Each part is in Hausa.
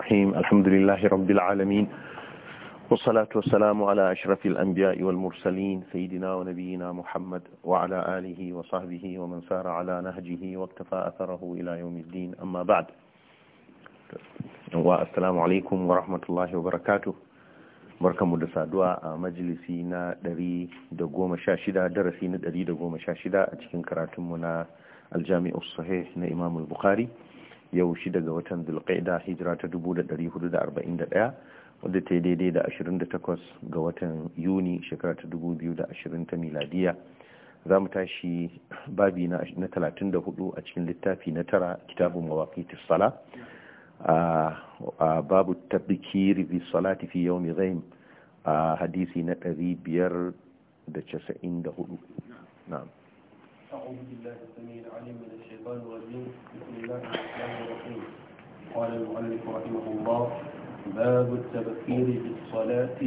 الرحيم الحمد لله رب العالمين والصلاة والسلام على أشرف الأنبياء والمرسلين سيدنا ونبينا محمد وعلى آله وصحبه ومن سار على نهجه واكتفى أثره إلى يوم الدين أما بعد والسلام عليكم ورحمة الله وبركاته بركة مدرسة دعاء مجلسينا دري na مشاشدة درسينا دري 116 مشاشدة cikin كراتمنا الجامع الصحيح sahih na yau shi daga watan zulqaida hijira ta 1441 wadda ta yi daidai da 28 ga watan yuni shekara ta 2020 ta miladiya za mu tashi babi na 34 a cikin littafi na tara kitabun mawaƙi sala a babu tabbikiri bi salati fi yau mai zai a hadisi na 594 na'am أعوذ بالله السميع العليم من الشيطان الرجيم بسم الله الرحمن الرحيم قال المؤلف رحمه الله باب التبكير بالصلاة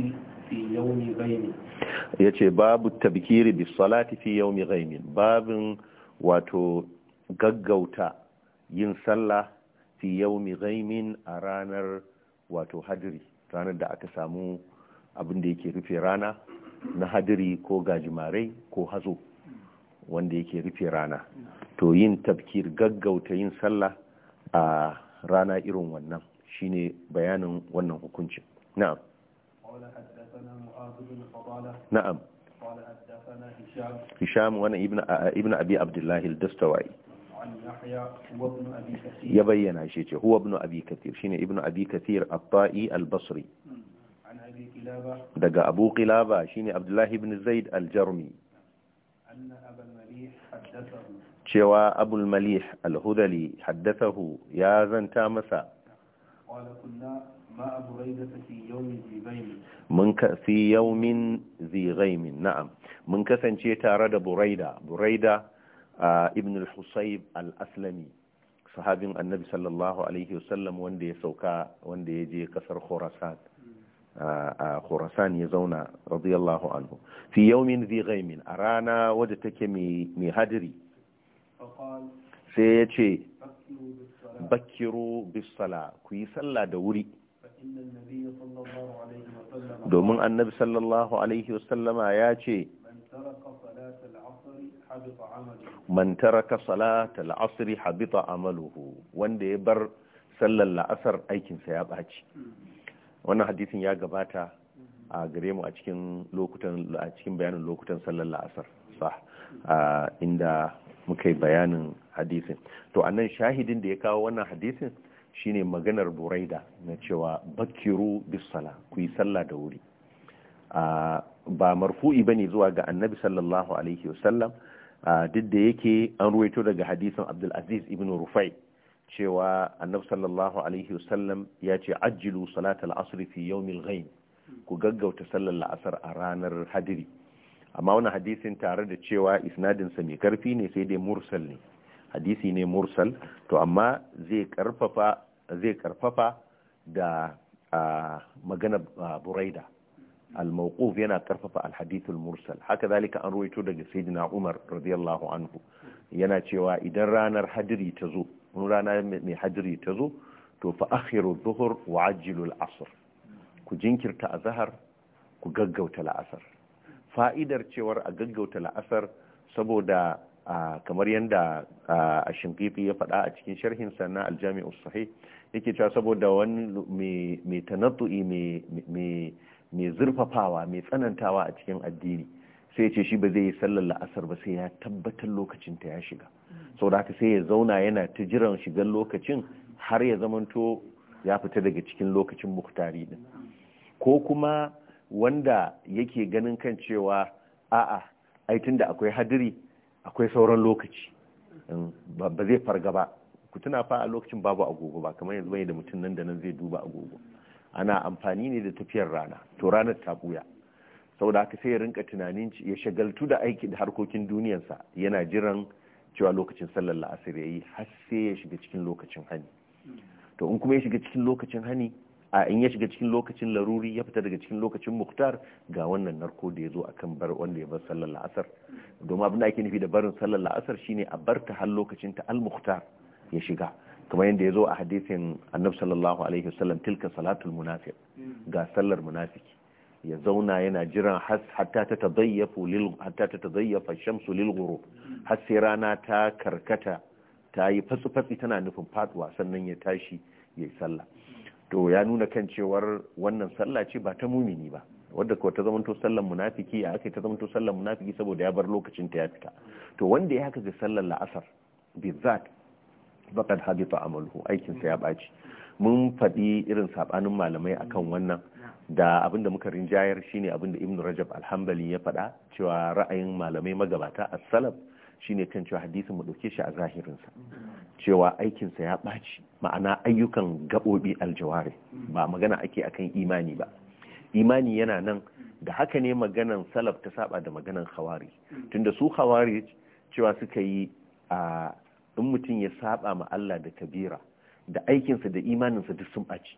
في يوم غيم yace babu tabkiri bi salati fi yawmi ghaimin babin wato gaggauta yin sallah fi yawmi ghaimin a ranar wato hadiri ranar da aka samu abin da yake rufe rana na hadiri ko gajimarai ko hazo wanda yake rufe rana to yin tafkir gaggauta yin sallah a rana irin wannan shine bayanin wannan hukuncin na'am na'am hisham wannan ibn abi abdullahi al-dastawai ya bayyana shi ce huwa ibn abi kathir shine ibn abi kathir at-ta'i al-basri hmm. daga abu qilaba shine abdullahi ibn zaid al-jarmi cewa abul malih al-hudali haddathahu ya zanta masa mun ka fi na'am mun kasance tare da buraida buraida ibn al-husayb al-aslami sahabin annabi sallallahu alaihi wasallam wanda ya sauka wanda ya je kasar khurasan a khurasan ya zauna radiyallahu anhu fi yawmin dhi ghaimin a rana wadda take mai hadri sai ya ce bakiru bis sala ku yi sallah da wuri domin annabi sallallahu alaihi wasallama ya ce man taraka salatal asri habita amaluhu wanda ya bar sallar la'asar aikinsa ya ɓaci wannan hadisin ya gabata a gare mu a cikin lokutan a cikin bayanin lokutan sallar la'asar sa inda muka yi bayanin hadisin to annan shahidin da ya kawo wannan hadisin shine maganar buraida na cewa bakiru bisala ku yi sallah da wuri ba marfu'i bane zuwa ga annabi sallallahu alaihi wasallam duk da yake an ruwaito daga hadisin abdul aziz ibn rufai cewa annabi sallallahu alaihi wasallam ya ce ajjilu salatal asr fi yawmil ghaib ku gaggauta sallar la'asar a ranar hadiri amma wani hadisin tare da cewa isnadinsa mai karfi ne sai dai mursal ne hadisi ne mursal to amma zai karfafa zai karfafa da magana buraida al-mawquf yana karfafa al-hadith al-mursal haka zalika an ruwaito daga sayyidina Umar radiyallahu anhu yana cewa idan ranar hadiri ta zo wani rana mai hajjiri ta zo to fa akhiru zuhur wa ajilul asr ku jinkirta a zahar ku gaggauta la'asar fa'idar cewar a gaggauta la'asar saboda kamar yadda a shinkifi ya faɗa a cikin sharhin sana aljami'u sahih yake cewa saboda wani mai tanatu'i mai zurfafawa mai tsanantawa a cikin addini sai ce shi ba zai yi sallar la'asar ba sai ya tabbatar lokacin ta ya shiga sau da haka sai ya zauna yana ta jiran shigan lokacin har ya zamanto ya fita daga cikin lokacin muktari din ko kuma wanda yake ganin kan cewa a'a ai tunda akwai hadiri akwai sauran lokaci ba zai farga ba ku tuna fa a lokacin babu agogo ba kamar yanzu bai da mutum nan da nan zai duba agogo ana amfani ne da tafiyar rana to ranar ta buya saboda haka sai ya rinka tunanin ya shagaltu da aiki da harkokin duniyarsa yana jiran cewa lokacin sallar la'asar ya yi har sai ya shiga cikin lokacin hani to in kuma ya shiga cikin lokacin hani a in ya shiga cikin lokacin laruri ya fita daga cikin lokacin muktar ga wannan narko da ya zo akan bar wanda ya bar sallar la'asar domin abin da ake nufi da barin sallar la'asar shine a bar ta har lokacin ta al-muktar ya shiga kamar yadda ya zo a hadisin annabi sallallahu alaihi wasallam tilka salatul munafiq ga sallar munafiki ya zauna yana jiran hatta ta tadayyafu lil hatta ta tadayyafa shamsu lil ghurub har sai rana ta karkata ta yi fatsi fatsi tana nufin fatwa sannan ya tashi yayi sallah to ya nuna kan cewar wannan sallah ce ba ta mumini ba wadda ko ta zamanto sallar munafiki a aka ta zamanto sallar munafiki saboda ya bar lokacin ta ya fita to wanda ya haka ga sallar la'asar bizat baqad habita amaluhu aikin sa ya baci mun faɗi irin sabanin malamai akan wannan da abin da muka rinjayar shine abin da ibn rajab alhambali ya faɗa cewa ra'ayin malamai magabata a salaf shine kan cewa hadisin mu ɗauke shi a zahirinsa cewa aikinsa ya ɓaci ma'ana ayyukan gaɓoɓi aljawari ba magana ake akan imani ba imani yana nan da haka ne maganan salaf ta saba da maganan khawari tunda su khawari cewa suka yi a in mutum ya saba ma Allah da kabira da aikinsa da imaninsa duk sun ɓaci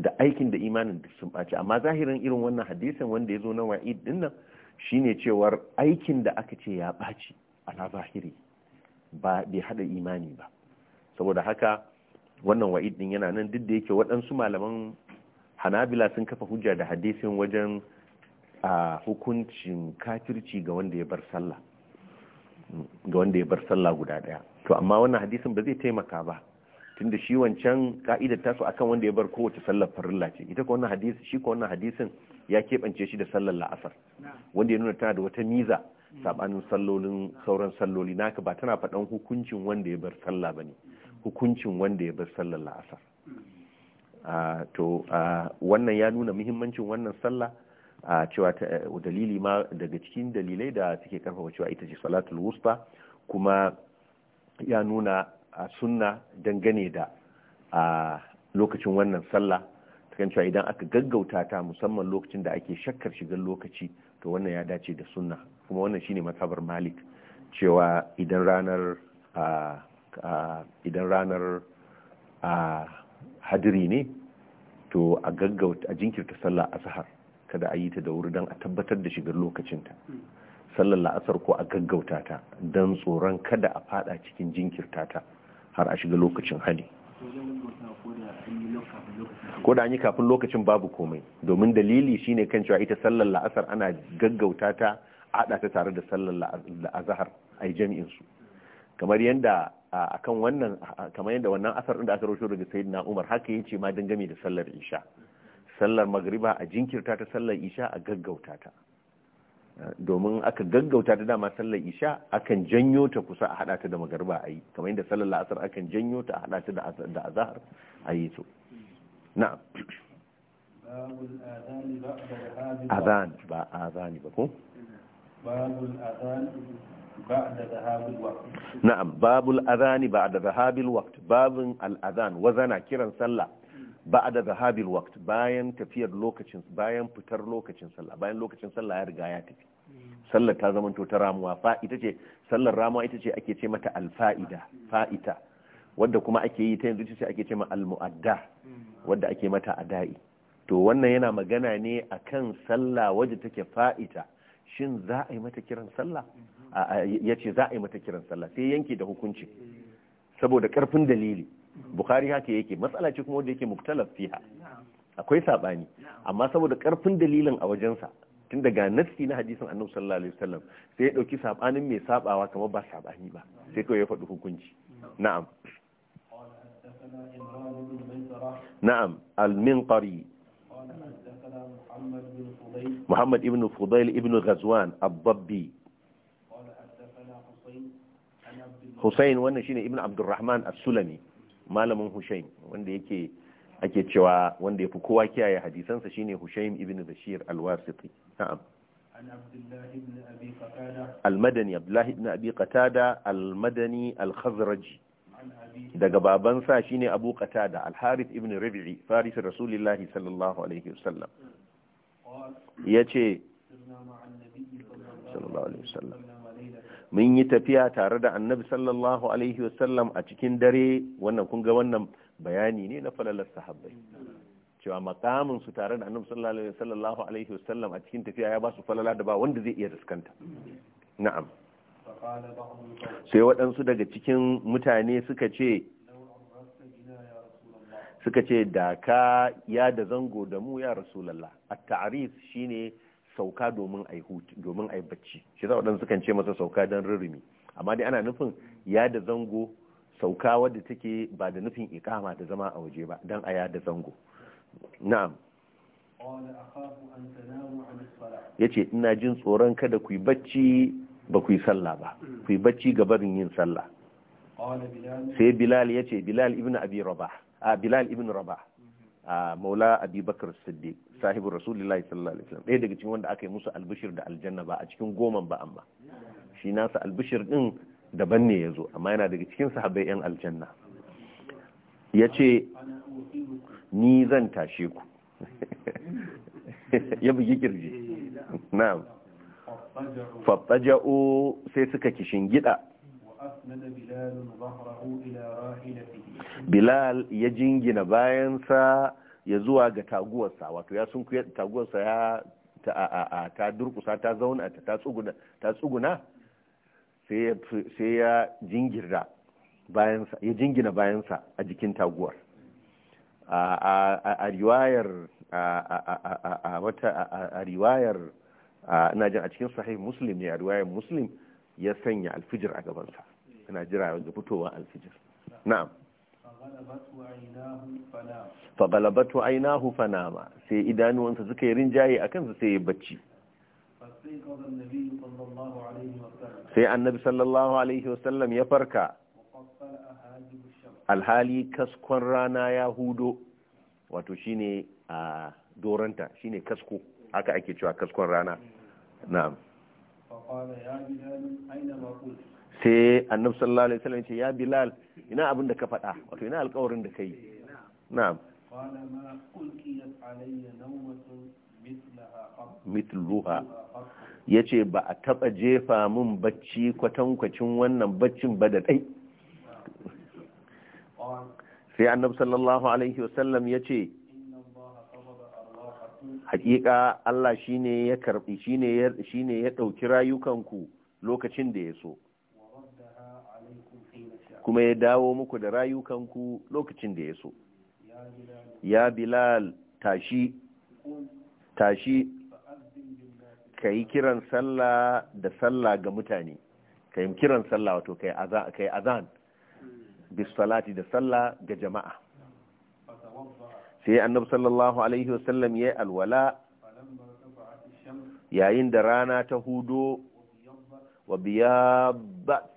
da aikin da imanin duk sun ɓace amma zahirin irin wannan hadisin wanda ya zo na wa'id din nan shine cewar aikin da aka ce ya ɓaci ala zahiri ba bai hada imani ba saboda haka wannan wa'id din yana nan duk da yake waɗansu malaman hanabila sun kafa hujja da hadisin wajen a hukuncin kafirci ga wanda ya bar sallah ga wanda ya bar sallah guda ɗaya to amma wannan hadisin ba zai taimaka ba tunda shi wancan ka'idar tasu akan wanda ya bar kowace sallar farilla ce ita ko wannan hadisi shi ko wannan hadisin ya keɓance shi da sallar la'asar wanda ya nuna tana da wata miza sabanin sallolin sauran salloli naka ba tana faɗan hukuncin wanda ya bar sallah ne. hukuncin wanda ya bar sallar la'asar hmm. ah, to ah, wannan ya nuna muhimmancin wannan sallah a ah, cewa eh, dalili ma daga cikin dalilai da suke karfafa cewa ita ce salatul wusta kuma ya nuna a sunna dangane da a lokacin wannan sallah kan cewa idan aka gaggauta ta musamman lokacin da ake shakkar shigar lokaci to wannan ya dace da sunna kuma wannan shine matsabar malik cewa idan ranar idan ranar hadiri ne to a gaggauta a jinkirta sallah asahar kada a yi ta da wuri don a tabbatar da shigar lokacinta sallar la'asar ko a gaggauta ta don tsoron kada a fada cikin jinkirta ta har a shiga lokacin hali ko da an yi kafin lokacin babu komai domin dalili shine kan cewa ita sallar la'asar ana gaggauta ta ada ta tare da sallar la'azahar a yi jami'insu kamar yadda akan wannan kamar yadda wannan asar ɗin da aka rawaito daga sayyidina Umar haka ce ma dangane da sallar Isha sallar magriba a jinkirta ta sallar Isha a gaggauta ta domin aka gaggauta ta dama sallar isha akan janyo ta kusa a hada ta da magarba a yi kamar yadda sallar la'asar akan janyo ta a hada ta da azahar a yi to na'am azan ba azani ba ko babul azan ba'da zahabil waqt na'am babul azani ba'da zahabil waqt babun al azan wazana kiran sallah ba'da zahabil waqt bayan tafiyar lokacin bayan fitar lokacin sallah bayan lokacin sallah ya riga ya tafi sallar ta zama ta ramuwa fa ita ce sallar ramuwa ita ce ake ce mata alfa'ida fa'ita wadda kuma ake yi ta yanzu ce ake ce ma almu'adda wadda ake mata ada'i to wannan yana magana ne akan sallah waje take fa'ita shin za a yi mata kiran sallah ya ce za a yi mata kiran sallah sai yanke da hukunci saboda karfin dalili bukhari haka yake matsala ce kuma wanda yake muktalaf fiha akwai sabani amma saboda karfin dalilin a wajensa tun daga nassi na hadisin annabi sallallahu alaihi wasallam sai ya dauki sabanin mai sabawa kamar ba sabani ba sai kawai ya faɗi hukunci na'am na'am al-minqari Muhammad ibn Fudayl ibn Ghazwan الضبي حسين wannan shine Ibn Abdurrahman As-sulami malamin Hushain wanda yake ake cewa wanda ya fi kowa kiyaye hadisansa shine Hushaym ibn Bashir al-Wasiti na'am المدني عبد الله بن Al-Madani al الخزرجي daga babansa shine Abu Qatada Al-Harith ibn Rabi'i faris Rasulullahi sallallahu alaihi wasallam yace sallallahu alaihi wasallam mun yi tafiya tare da Annabi sallallahu alaihi wasallam a cikin dare wannan kun ga wannan bayani ne na falalar sahabbai cewa makamin su tare da annabi sallallahu alaihi wasallam a cikin tafiya ya ba su falala da ba wanda zai iya riskanta na'am sai waɗansu daga cikin mutane suka ce suka ce da ka ya da zango da mu ya rasulallah a ta'arif shine sauka domin ai domin ai bacci shi za waɗansu kan ce masa sauka don rurumi amma dai ana nufin ya da zango sauka wadda take ba da nufin ikama da zama a waje ba don aya da zango na'am ya ce ina jin tsoron kada ku yi bacci ba ku yi sallah ba ku yi bacci gabarin yin sallah sai bilal ya ce bilal ibn abi raba a bilal ibn Raba a maula abi bakar siddiq sahibu rasulullahi sallallahu alaihi wasallam ɗaya daga cikin wanda aka yi musu albishir da aljanna ba a cikin goman ba amma shi nasa albishir ɗin. daban ne ya zo amma yana daga cikin sahabbai 'yan aljanna ya ce ni zan tashe ku ya bugi kirji na'am ja'o sai suka kishin gida bilal ya jingina bayansa ya zuwa ga taguwarsa wato ya sun taguwarsa ya ta durkusa ta zauna ta tsuguna sai ya jingirda bayansa ya jingina bayansa a jikin taguwar a riwayar a wata a riwayar ina jin a cikin sahih muslim ne a riwayar muslim ya sanya alfijir a gabansa ina jira da fitowa alfijir na'am fagalabatu ainihu fanama sai idanuwansa suka yi rinjaye a kansu sai ya bacci sai annabi sallallahu alaihi wasallam ya farka alhali kaskon rana ya hudo wato shine a doranta shine kasko haka ake cewa kaskon rana na'am sai annabi sallallahu alaihi wasallam ce ya bilal ina abin da ka faɗa wato ina alƙawarin da ka na'am na ma mitluha ya ce ba a taɓa jefa mun bacci kwatankwacin wannan baccin ba da ɗai sai annab sallallahu alaihi wasallam ya ce hakika Allah shine ya karbi shine ya ɗauki rayukanku lokacin da ya so kuma ya dawo muku da rayukanku lokacin da ya so ya bilal tashi tashi ka yi kiran sallah da sallah ga mutane ka yi kiran sallah wato ka yi azan bisalati da sallah ga jama'a sai annabi sallallahu alaihi wasallam ya yi alwala yayin da rana ta hudo wa biyabat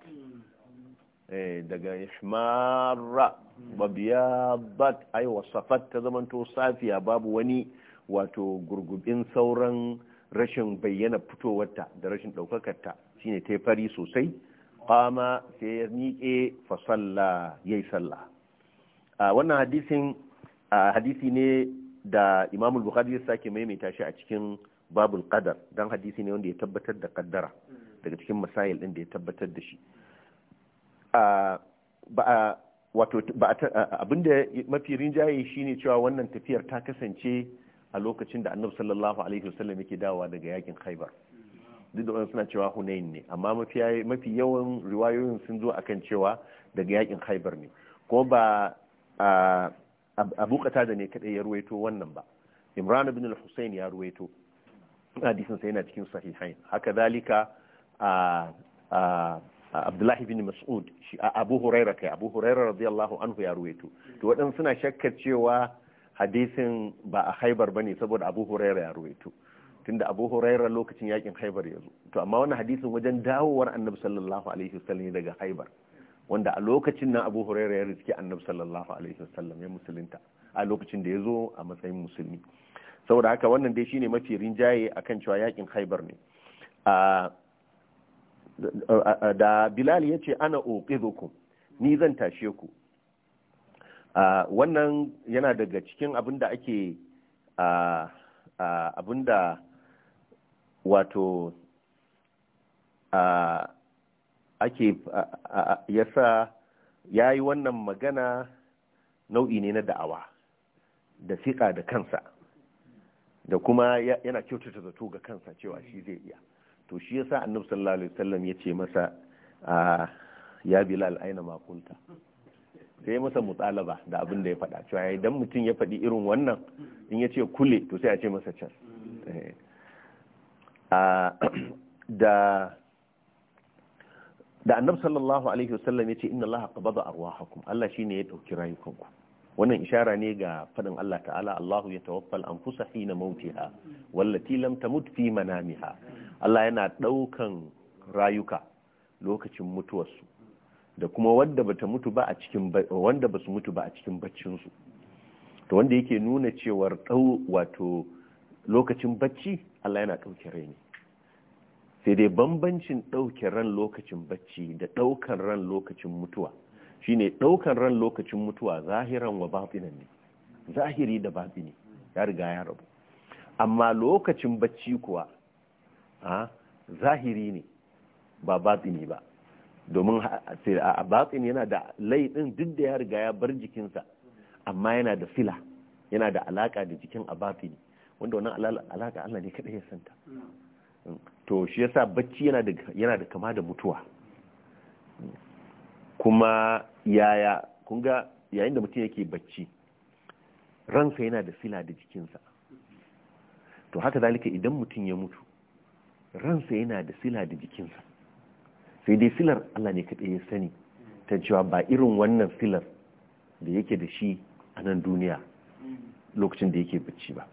eh, daga ishmara wa bat ai wasafat ta zamanto safiya babu wani wato gurgubin sauran rashin bayyana fitowarta da rashin ɗaukakarta shine ta fari sosai kama sai ya miƙe fasalla ya yi sallah wannan hadisin hadisi ne da imamul bukhari ya sake maimaita shi a cikin babul qadar don hadisi ne wanda ya tabbatar da kaddara daga cikin masayil ɗin da ya tabbatar da shi abinda mafi rinjaye shine cewa wannan tafiyar ta kasance a lokacin da annabi sallallahu alaihi wasallam yake dawowa daga yakin khaibar duk da wani suna cewa hunain ne amma mafi yawan riwayoyin sun zo akan cewa daga yakin khaibar ne ko ba abu da ne kadai ya ruwaito wannan ba imran ibn al-husayn ya ruwaito hadisin sa yana cikin sahihain haka zalika Abdullahi bin Mas'ud shi Abu hurairah kai Abu hurairah radiyallahu anhu ya ruwaito to waɗansu suna shakkar cewa hadisin ba a haibar bane saboda abu huraira ya ruwaito tunda abu huraira lokacin yakin haibar ya zo to amma wannan hadisin wajen dawowar annabi sallallahu alaihi wasallam daga haibar wanda a lokacin nan abu huraira ya riske annabi sallallahu alaihi wasallam ya musulunta a lokacin da ya zo a matsayin musulmi saboda haka wannan dai shine mafi rinjaye akan cewa yakin haibar ne da bilal ya ce ana uqidukum ni zan tashe ku wannan yana daga cikin abin da ake abin da wato ake yasa ya yi wannan magana nau'i ne na da'awa da fiƙa da kansa da kuma yana kyautata zato ga kansa cewa shi zai iya to shi yasa annabi sallallahu alaihi wasallam ya ce masa ya bilal aina makunta sai masa mutsalaba da abin da ya faɗa cewa idan mutum ya faɗi irin wannan in ya ce kule to sai a ce masa can eh. da da sallallahu alaihi wasallam ya ce inna allaha qabada arwahakum Allah shine ya dauki rayukanku wannan ishara ne ga fadin Allah ta'ala Allahu ya tawaffal anfusa hina mautiha wallati lam tamut fi manamiha Allah yana daukan rayuka lokacin mutuwarsu da kuma wanda bata mutu ba a cikin wanda basu mutu ba a cikin baccin su to wanda yake nuna cewa dau wato lokacin bacci Allah yana dauke rai sai dai bambancin dauke ran lokacin bacci da daukan ran lokacin mutuwa shine daukan ran lokacin mutuwa zahiran wa batinan ne zahiri da batini ya riga ya rabu amma lokacin bacci kuwa zahiri ne ba batini ba domin a batsin yana da laifin duk da ya riga ya bar jikinsa amma yana da sila yana da alaka da jikin a batini wanda wannan alaka Allah ne kadai ya santa hmm. to shi yasa bacci yana da kama da mutuwa kuma yaya kunga yayin da mutum yake bacci ransa yana da sila da jikinsa to haka zalika idan mutum ya mutu ransa yana da sila da jikinsa sai dai filar Allah ne kaɗai ya sani ta cewa ba irin wannan filar da yake da shi a nan duniya lokacin da yake bacci ba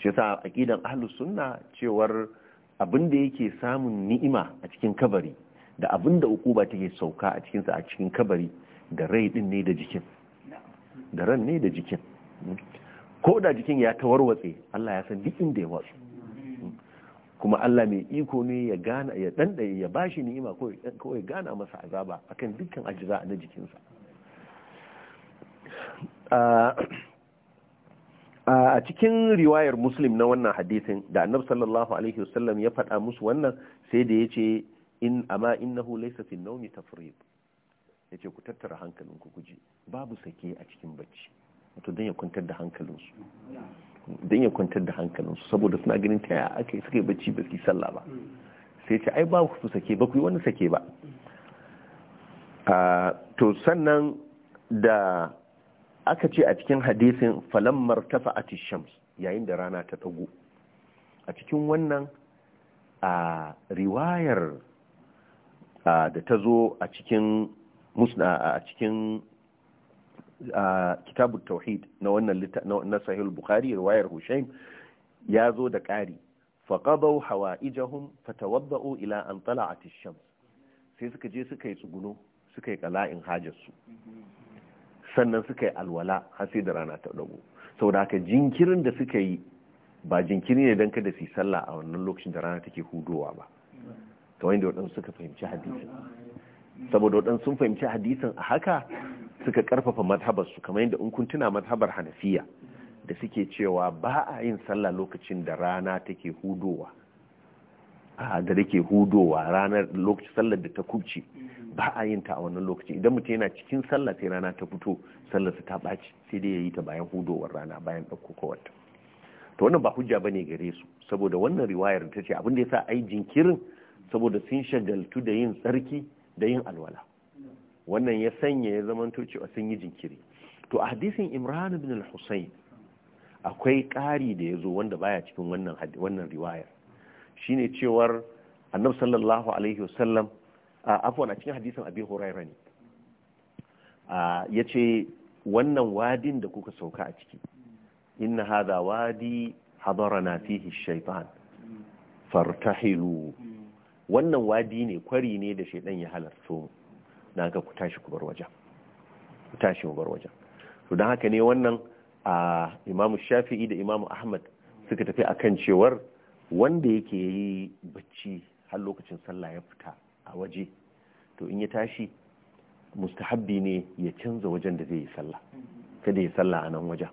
shi yasa aqidan ahlus sunna cewar abin da yake samun ni'ima a cikin kabari da abin da ukuba take sauka a cikinsa a cikin kabari da rai din ne da jikin da ran ne da jikin ko da jikin ya tawarwatse Allah ya san duk inda ya watsu kuma Allah mai iko ne ya gana ya dandaye ya bashi ni'ima ko ya gana masa azaba akan dukkan ajiza na jikinsa a cikin riwayar muslim na wannan hadisin da annab sallallahu alaihi wasallam ya faɗa musu wannan sai da ya ce in amma innahu laysa fi nawmi tafrid ya ce ku tattara hankalinku ku guji babu sake a cikin bacci wato don ya kwantar da hankalinsu don ya kwantar da hankalinsu saboda suna ganin ta ya aka yi suka yi bacci ba su sallah ba sai ce ai ba ku sake ba ku yi wani sake ba to sannan da aka ce a cikin hadisin falammar tafa a shams yayin da rana ta tsago a cikin wannan a riwayar da ta zo a cikin kitabut tauhid na wannan na sahih bukhari riwayar hushaim ya zo da ƙari faqadaw hawaijahum fatawadda'u ila an tala'at ash-shams sai suka je suka yi tsuguno suka yi qala'in hajarsu sannan suka yi alwala har sai da rana ta dago saboda haka jinkirin da suka yi ba jinkiri ne dan kada su yi sallah a wannan lokacin da rana take hudowa ba to wanda waɗansu suka fahimci hadisi saboda waɗansu sun fahimci hadisin a haka suka karfafa madhabarsu kamar yadda in kun tuna madhabar hanafiya da suke cewa ba a yin sallah lokacin da rana take hudowa a da take hudowa ranar lokacin sallar da ta kubce ba a yin ta a wannan lokaci idan mutum yana cikin sallah sai rana ta fito sa ta baci sai dai yayi ta bayan hudowar rana bayan ɗauko kowata to wannan ba hujja bane gare su saboda wannan riwayar ta ce abin da ya sa ai jinkirin saboda sun shagaltu da yin tsarki da yin alwala wannan ya sanya ya zamanto a sun yi jinkiri to a hadisin imran ibn al-husayn akwai ƙari da ya zo wanda baya cikin wannan wannan riwayar shine cewar annabi sallallahu alaihi wasallam afwan a cikin hadisin abi huraira ne yace wannan wadin da kuka sauka a ciki inna hadha wadi hadarana fihi shaytan fartahilu wannan wadi ne kwari ne da shaidan ya halarto mu na ga ku tashi ku bar wajen ku tashi mu bar wajen to don haka ne wannan a imamu shafi'i da imamu ahmad suka tafi akan cewar wanda yake yi bacci har lokacin sallah ya fita a waje to in ya tashi mustahabbi ne ya canza wajen da zai yi sallah kada ya sallah a nan wajen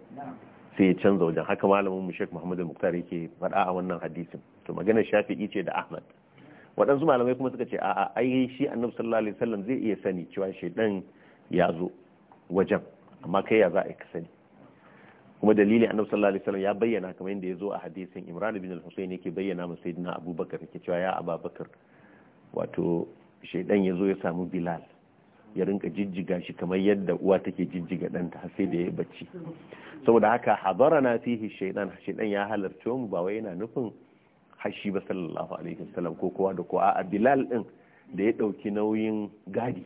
sai ya canza wajen haka malamin mu Sheikh Muhammad Muktar yake faɗa a wannan hadisin to maganar Shafi'i ce da Ahmad waɗansu malamai kuma suka ce a'a ai shi annabi sallallahu alaihi wasallam zai iya sani cewa shaidan ya zo wajen amma kai ya za a ka sani kuma dalili annabi sallallahu alaihi wasallam ya bayyana kamar yadda ya zo a hadisin imran bin al-husayn yake bayyana masa sayyidina abubakar yake cewa ya ababakar wato shaidan ya zo ya samu bilal ya rinka jijjiga shi kamar yadda uwa take jijjiga ɗanta har sai da ya bacci saboda haka hadarana fihi shaidan shaidan ya halarci mu ba wai yana nufin Hashi ba sallallahu alaihi wasallam ko kowa da kowa a bilal din da ya dauki nauyin gadi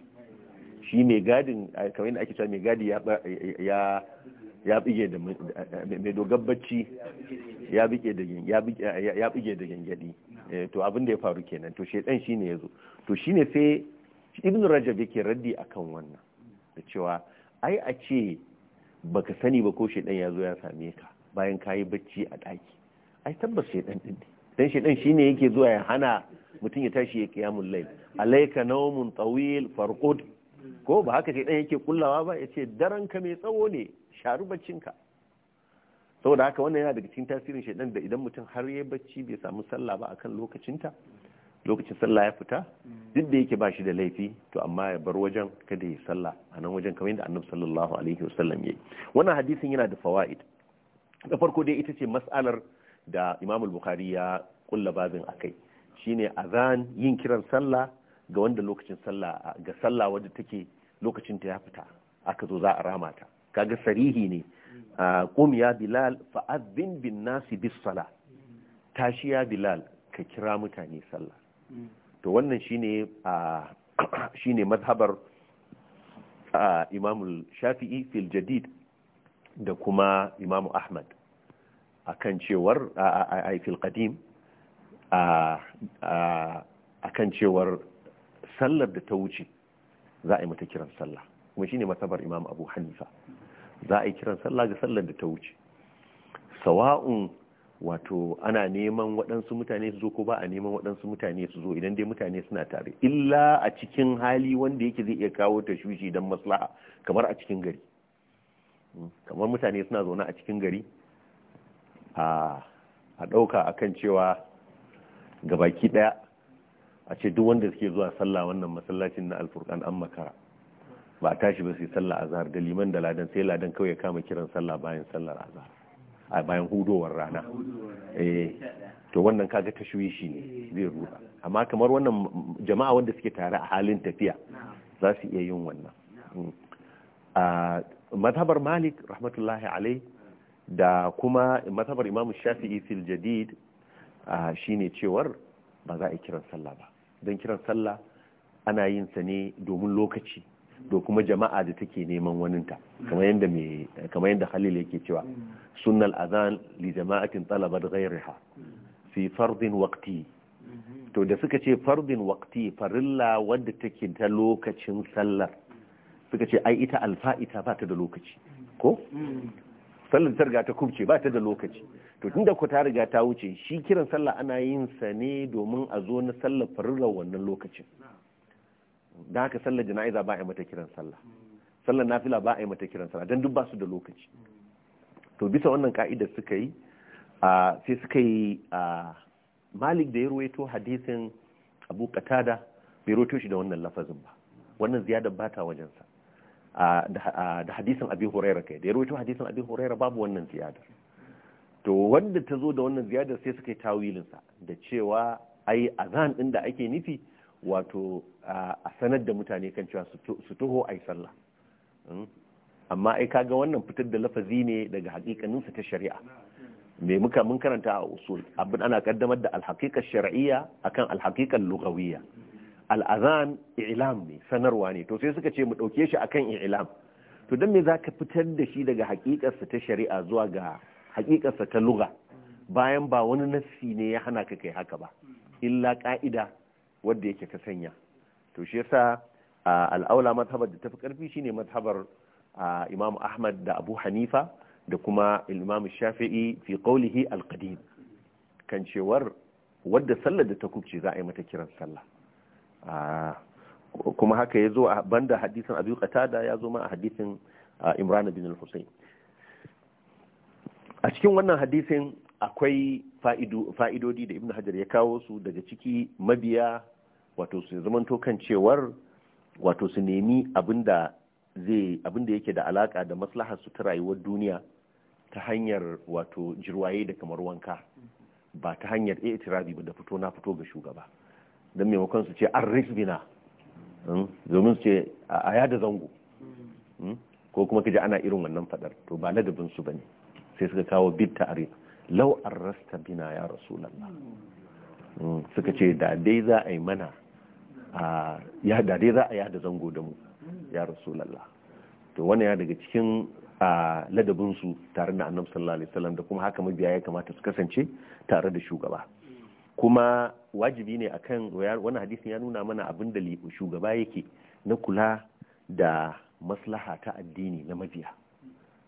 shi mai gadin kamar yadda ake cewa mai gadi ya ya bige da mai bacci ya bige da ya bige da gangadi eh, to abin da ya faru kenan to shedan shine yazo to shine sai ibn rajab yake raddi akan wannan da cewa ai a ce baka sani ba ko shedan yazo ya same ka bayan kayi bacci a daki ai tabbas shedan din ne dan shi dan shine yake zuwa ya hana mutum ya tashi ya kiyamul layl alayka nawmun tawil farqud ko ba haka sai dan yake kullawa ba yace daren ka mai tsawo ne sharu baccin ka saboda haka wannan yana daga cikin tasirin dan da idan mutum har yayi bacci bai samu sallah ba akan lokacinta lokacin sallah ya fita duk da yake ba shi da laifi to amma ya bar wajen kada ya sallah a nan wajen kamar yadda annabi sallallahu alaihi wasallam yayi wannan hadisin yana da fawaid da farko dai ita ce mas'alar da Imamul al-Bukhari ya kulla babin a akai shine azan yin kiran sallah ga wanda lokacin sallah ga sallah wanda take lokacin ta ya fita aka zo za a rama ta kaga sarihi ne qum ya bilal Fa'ad bin nasi bis sala tashi ya bilal ka kira mutane sallah to wannan shine shine mazhabar imamul shafi'i fil jadid da kuma imamu ahmad A kan cewar a fil a kan cewar sallar da ta wuce za a yi mata kiran sallah kuma shine masabar imam abu hannifa za a yi kiran sallah ga sallar da ta wuce sawa'un wato ana neman waɗansu mutane su zo ko ba a neman waɗansu mutane su zo idan dai mutane suna tare illa a cikin hali wanda yake zai iya kawo ta shushi don maslaha kamar a cikin gari hmm, kamar mutane suna zaune a cikin gari a ɗauka a kan cewa gabaki ɗaya a ce duk wanda suke zuwa sallah wannan masallacin na alfurkan an makara ba a tashi ba su yi sallah azhar da liman da ladan sai ladan kawai ya kama kiran sallah bayan sallar azhar a bayan hudowar rana eh to wannan kaga tashwishi ne zai ruwa amma kamar wannan jama'a wanda suke tare a halin tafiya za su iya yin wannan hmm. a mazhabar malik rahmatullahi alai da kuma masabar imamu shafi'i fil jadid shine cewar ba za a kiran sallah ba don kiran sallah ana yin sa ne domin lokaci da kuma jama'a da take neman waninta kamar yadda mai kamar yadda yake cewa sunan azan li jama'atin talabat ghayriha fi farzin waqti to da suka ce fardin waqti farilla wadda take ta lokacin sallar suka ce ai ita alfa'ita ba ta da lokaci ko mm. sallar ta riga ta kubce ba ta da lokaci to tunda ku ta riga ta wuce shi kiran sallah ana yin sa ne domin a zo na sallar farurar wannan lokacin da haka sallar jana'iza ba a yi mata kiran sallah sallar nafila ba a yi mata kiran sallah don duk ba su da lokaci to bisa wannan ka'idar suka yi sai suka yi malik da ya ruwaito hadisin abu katada bai ruwaito shi da wannan lafazin ba wannan ziyadar ba ta wajensa da hadisin abin huraira kai da ya rubuta hadisin abin huraira babu wannan ziyadar to wanda ta zo da wannan ziyadar sai suka yi tawilinsa da cewa ai azan din da ake nufi wato a sanar da mutane kan cewa su taho ai sallah hmm? amma ai kaga wannan fitar da lafazi ne daga hakikaninsa ta shari'a me muka mun karanta a usul abin ana kaddamar da alhaqiqa shar'iyya akan alhaqiqa lugawiyya al'azan i'lam ne sanarwa ne to sai suka ce mu ɗauke shi akan i'lam to don me za ka fitar da shi daga hakikarsa ta shari'a zuwa ga hakikarsa ta luga bayan ba wani nassi ne ya hana ka kai haka ba illa ka'ida wadda yake ka sanya to shi yasa al'aula mazhabar da tafi karfi shine mazhabar imam ahmad da abu hanifa da kuma imam shafi'i fi qawlihi al-qadim kan cewar wadda sallar da ta kubce za a yi mata kiran sallah kuma haka ya zo a banda hadisin abu qatada ya zo ma a hadisin imran bin al-husayn a cikin wannan hadisin akwai fa'idodi da ibn hajar ya kawo su daga ciki mabiya wato su zamanto kan cewar wato su nemi abinda zai yake da alaka da maslahar su ta rayuwar duniya ta hanyar wato jirwaye da kamar wanka ba ta hanyar iya ba da fito na fito ga shugaba don maimakon su ce an risbina hmm, domin su ce a yada zango hmm, ko kuma kaji ana irin wannan fadar to ba ladabin su bane sai suka kawo bid ta'rif law arrasta bina ya rasulullah hmm, suka ce da dai za a yi mana a ya da dai za a yada zango da mu ya rasulullah to wannan ya daga cikin a ladabin su tare da annabi sallallahu alaihi wasallam da kuma haka mabiya ya kamata su kasance tare da shugaba kuma wajibi ne akan wannan hadisin ya nuna mana abin da shugaba yake na kula da maslaha ta addini na mabiya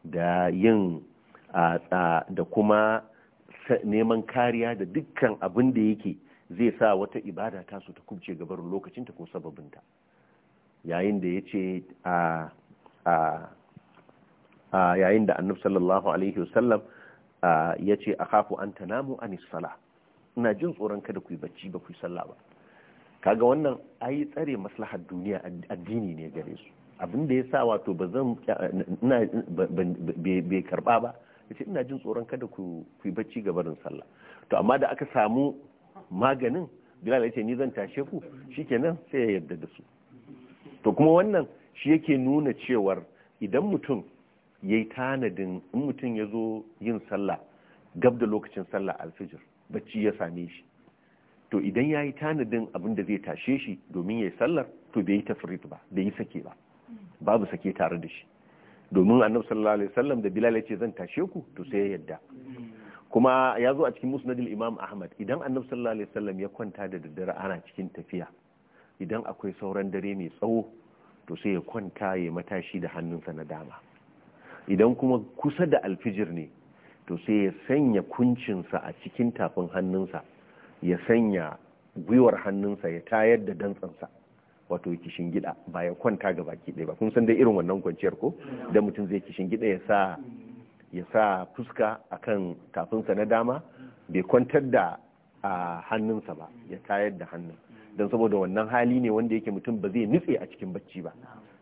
da yin da kuma neman kariya da dukkan abin da yake zai sa wata ibada ta su ta kubce gabar lokacinta ko sababinta yayin da ya ce a yayin da annab sallallahu alaihi wasallam ya ce a kafu an tanamu anis sala ina jin tsoron kada ku yi bacci ba ku yi sallah ba kaga wannan ayi tsare maslahar duniya addini ne gare su abin da ya sa wato ba zan bai karba ba yace ina jin tsoron kada ku yi bacci gabarin sallah to amma da aka samu maganin bilal yace ni zan tashe ku shikenan sai ya yarda da su to kuma wannan shi yake nuna cewar idan mutum yayi tanadin in mutum ya zo yin sallah gab da lokacin sallah alfijir bacci ya same shi to idan ya yi tanadin abin da zai tashe shi domin ya yi sallar to bai yi tafrit ba bai yi sake ba babu sake tare da shi domin annabi sallallahu alaihi wasallam da bilal ya ce zan tashe ku to sai ya yadda kuma ya zo a cikin musnadil imam ahmad idan annabi sallallahu alaihi wasallam ya kwanta da daddare ana cikin tafiya idan akwai sauran dare mai tsawo to sai ya kwanta ya matashi da hannunsa na dama idan kuma kusa da alfijir ne to sai ya sanya kuncinsa a cikin tafin hannunsa ya sanya gwiwar hannunsa ya tayar da dantsansa wato kishin gida ba ya kwanta ga baki ɗaya ba kun san dai irin wannan kwanciyar ko da mutum zai kishin gida ya sa ya sa fuska akan tafinsa na dama bai kwantar da hannunsa ba ya tayar da hannun don saboda wannan hali ne wanda yake mutum ba zai nutse a cikin bacci ba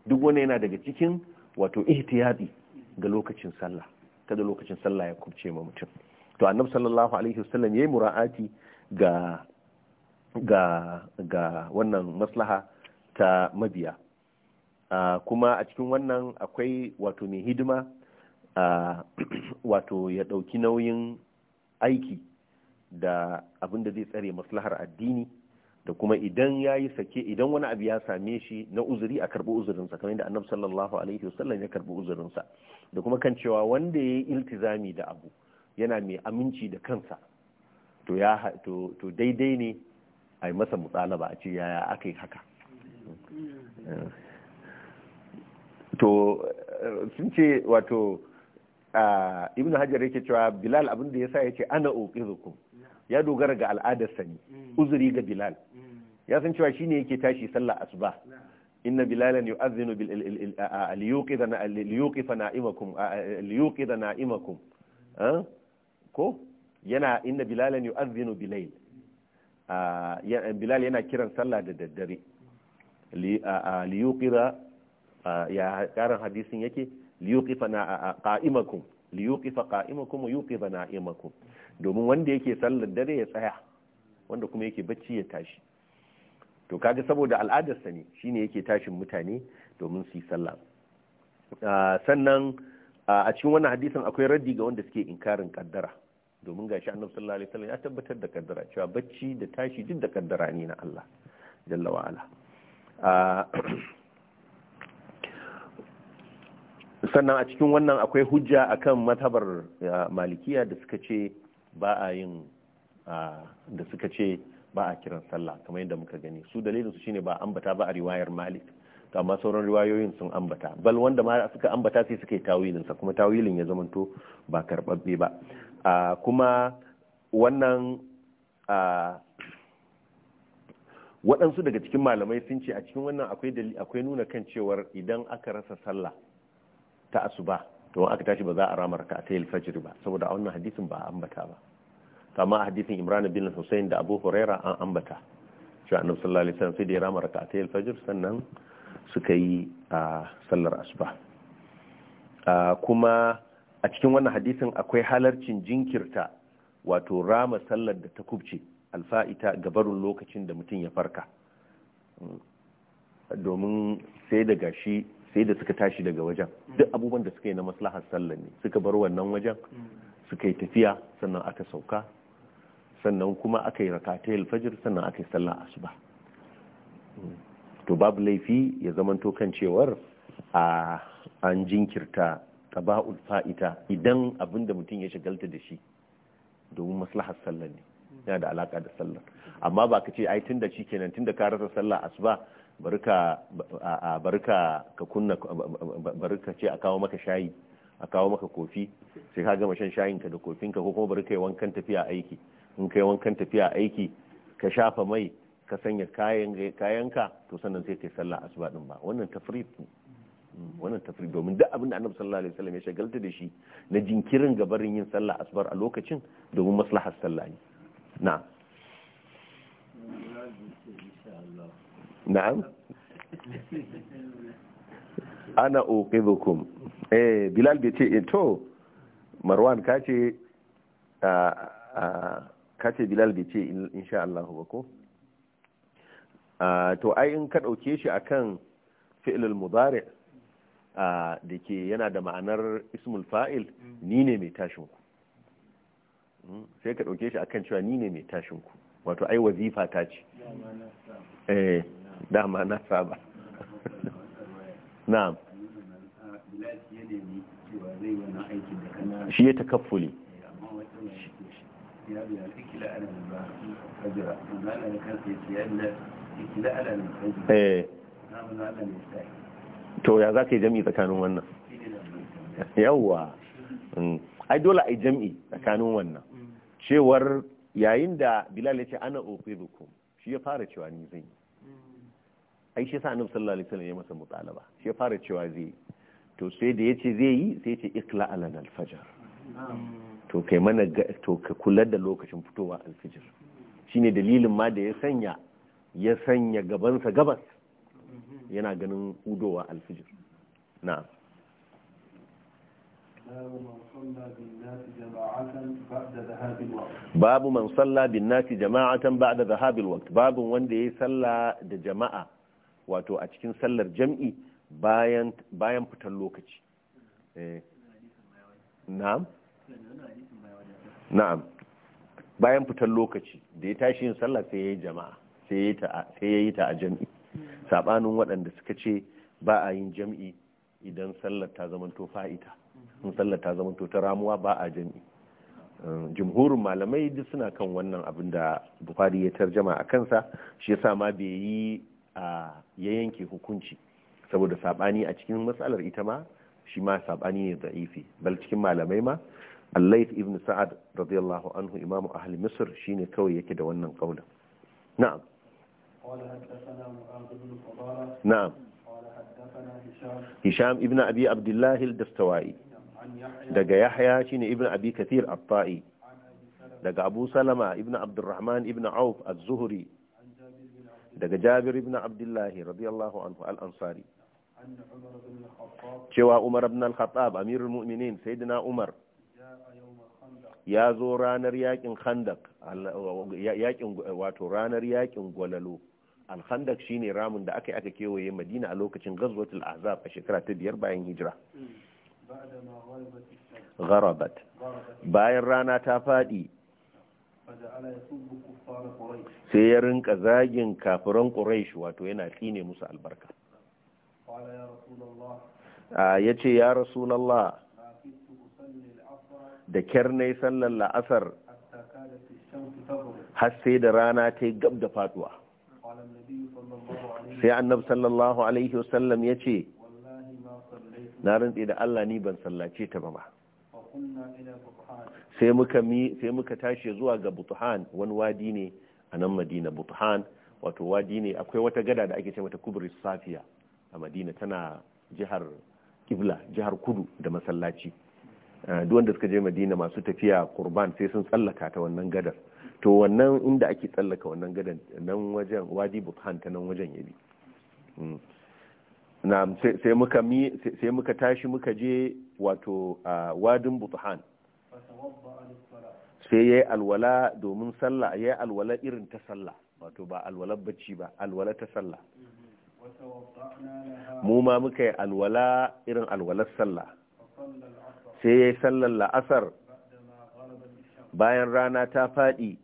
duk wani yana daga cikin wato ihtiyati ga lokacin sallah kada lokacin sallah ya kubce ma mutum to annabi sallallahu alaihi wasallam yayi mura'ati ga ga ga wannan maslaha ta mabiya kuma a cikin wannan akwai wato mai hidima wato ya ɗauki nauyin aiki da abin da zai tsare maslahar addini da kuma idan ya yi sake idan wani abu ya same shi na uzuri a karbi uzurinsa kamar yadda annabi sallallahu alaihi wasallam ya karbi uzurinsa da kuma kan cewa wanda ya yi iltizami da abu yana mai aminci da kansa to ya to, daidai ne a yi masa mutsalaba a ce yaya aka yi haka to sun ce wato ibn hajar yake cewa bilal abin da ya sa ya ce ana ya dogara ga al'adar Sani mm. uzuri ga bilal ya san cewa shine yake tashi sallah asuba inna bilalan yu'adhdhinu bil liyuqidana liyuqifa na'imakum liyuqida na'imakum ko yana inna bilalan yu'adhdhinu ya bilal yana kiran sallah da daddare liyuqida ya karan hadisin yake liyuqifa qa'imakum liyuqifa qa'imakum wa yuqidha na'imakum domin wanda yake sallar dare ya tsaya wanda kuma yake bacci ya tashi to kaga saboda al'adarsa ne shine yake tashin mutane domin su yi sallah ah, sannan a cikin wannan hadisin akwai raddi ga wanda suke inkarin kaddara domin gashi annabi sallallahu alaihi wasallam ya tabbatar da kaddara cewa bacci da tashi duk da kaddara ne na Allah jalla wa ala ah, sannan a cikin wannan akwai hujja akan matabar ah, malikiya da suka ce ba a yin da suka ce ba a kiran sallah kamar yadda muka gani su dalilin su shine ba ambata ba a riwayar malik to amma sauran riwayoyin sun ambata bal wanda ma suka ambata sai suka yi tawilin sa kuma tawilin ya zamanto ba karbabbe ba a kuma wannan a waɗansu daga cikin malamai sun ce a cikin wannan akwai akwai nuna kan cewar idan aka rasa sallah ta asuba to aka tashi ba za a rama ka fajr ba saboda a wannan hadisin ba ambata ba kama hadisin imran bin husain da abu huraira an ambata cewa annabi sallallahu alaihi wasallam sai da ya rama rak'atay al-fajr sannan suka yi a sallar asuba kuma a cikin wannan hadisin akwai halarcin jinkirta wato rama sallar da ta kubce alfa'ita gabarun lokacin da mutum ya farka domin sai da gashi sai da suka tashi daga wajen duk abubuwan da suka yi na maslahar sallar ne suka bar wannan wajen suka yi tafiya sannan aka sauka sannan kuma aka yi rakatayil alfajir sannan aka yi sallah asuba to babu laifi ya to kan cewar a an jinkirta qaba'ul fa'ita idan abinda mutum ya shigalta da shi domin maslahar sallar ne yana da alaka da sallar amma ba ka ce ai kenan tun da ka rasa sallah asuba barka barka ka ce a kawo maka shayi a kawo maka kofi sai ka gama shan shayin da kofinka ko kuma bari ka yi wankan tafiya aiki in kai wankan tafiya aiki ka shafa mai ka sanya kayan kayanka to sannan sai kai sallah asuba din ba wannan tafrid mm, wannan tafrid domin duk abin da annabi sallallahu alaihi wasallam ya shagalta da shi na jinkirin gabarin yin sallah asbar a lokacin domin maslahar sallah ne na'am na'am ana uqidukum eh bilal bai ce eh, to marwan ka ce ah, ah, kace bilal bai ce insha Allah ba ko to ai in ka ɗauke shi akan fi'lul mudari da ke yana da ma'anar ismul fa'il ni ne mai tashin ku hmm? sai ka ɗauke shi akan cewa ni ne mai tashin ku wato ai wazifa ta ce eh dama na saba na'am shi ya takaffuli to ya za ka yi jam'i tsakanin wannan yawwa ai dole a yi jam'i tsakanin wannan cewar yayin da bilal ya ce ana ofe ofirukum shi ya fara cewa ni zai ai shi sa annabi sallallahu alaihi wasallam ya masa mutalaba shi ya fara cewa zai to sai da ya ce zai yi sai ya ce ikla alal fajar to kai mana to ka kula da lokacin fitowa alfijir shine dalilin ma da ya sanya ya sanya gabansa gabas yana ganin hudowa alfijir na. babu man salla bin nasi jama'atan ba'da dhahabil waqt babu wanda yayi salla da jama'a wato a cikin sallar jam'i bayan bayan fitar lokaci eh na'am na'am bayan fitar lokaci da ya tashi yin sallah sai ya yi jama'a sai ya yi ta a jam'i saɓanin waɗanda suka ce ba a yin jam'i idan sallar ta zamanto fa'ita in sallar ta zamanto ta ramuwa ba a jam'i uhm, jimhurin malamai duk suna kan wannan abin da bukari ya tarjama a kansa shi yasa ma bai yi a ya yanke hukunci saboda saɓani a cikin matsalar ita ma shi ma saɓani ne da ife bal cikin malamai ma allait ibn sa'ad radiyallahu anhu imamu ahli misr shine kawai yake da wannan kaulin na'am na'am hisham ibn abi abdullah al-dastawai daga yahya shine ibn abi kathir at-ta'i daga abu salama ibn abdurrahman ibn auf az-zuhri daga jabir ibn abdullahi radiyallahu anhu al-ansari cewa umar ibn al-khattab amirul mu'minin sayyidina umar ya zo ranar yakin khandak yakin wato ranar yakin gwalalo Al-Handak alhandak shine ramin da aka yi aka kewaye madina a lokacin ghazwatul azab a shekara ta biyar bayan hijira gharabat bayan rana ta fadi sai ya rinka zagin kafiran quraish wato yana tsine musu albarka ya ce ya rasulallah da kyar sallar la'asar har sai da rana ta yi gab da faduwa sai annab sallallahu alaihi wasallam ya ce na rantse da Allah ni ban sallace ta ba ba sai muka tashi zuwa ga butuhan wani wadi ne a nan madina butuhan wato wadi ne akwai wata gada da ake ce mata kubris safiya a madina tana jihar kibla jihar kudu da masallaci Eh, duk wanda suka je madina masu tafiya kurban sai sun tsallaka ta wannan gadar to wannan inda ake tsallaka wannan gadar nan wajen wadi bukhan ta nan wajen yabi hmm. na sai muka mi sai muka tashi muka je wato wadin bukhan sai yayi alwala domin sallah yayi alwala irin ta sallah wato ba alwala bacci ba alwala ta sallah mu ma muka yi alwala irin alwalar sallah sai ya sallar la'asar bayan rana ta faɗi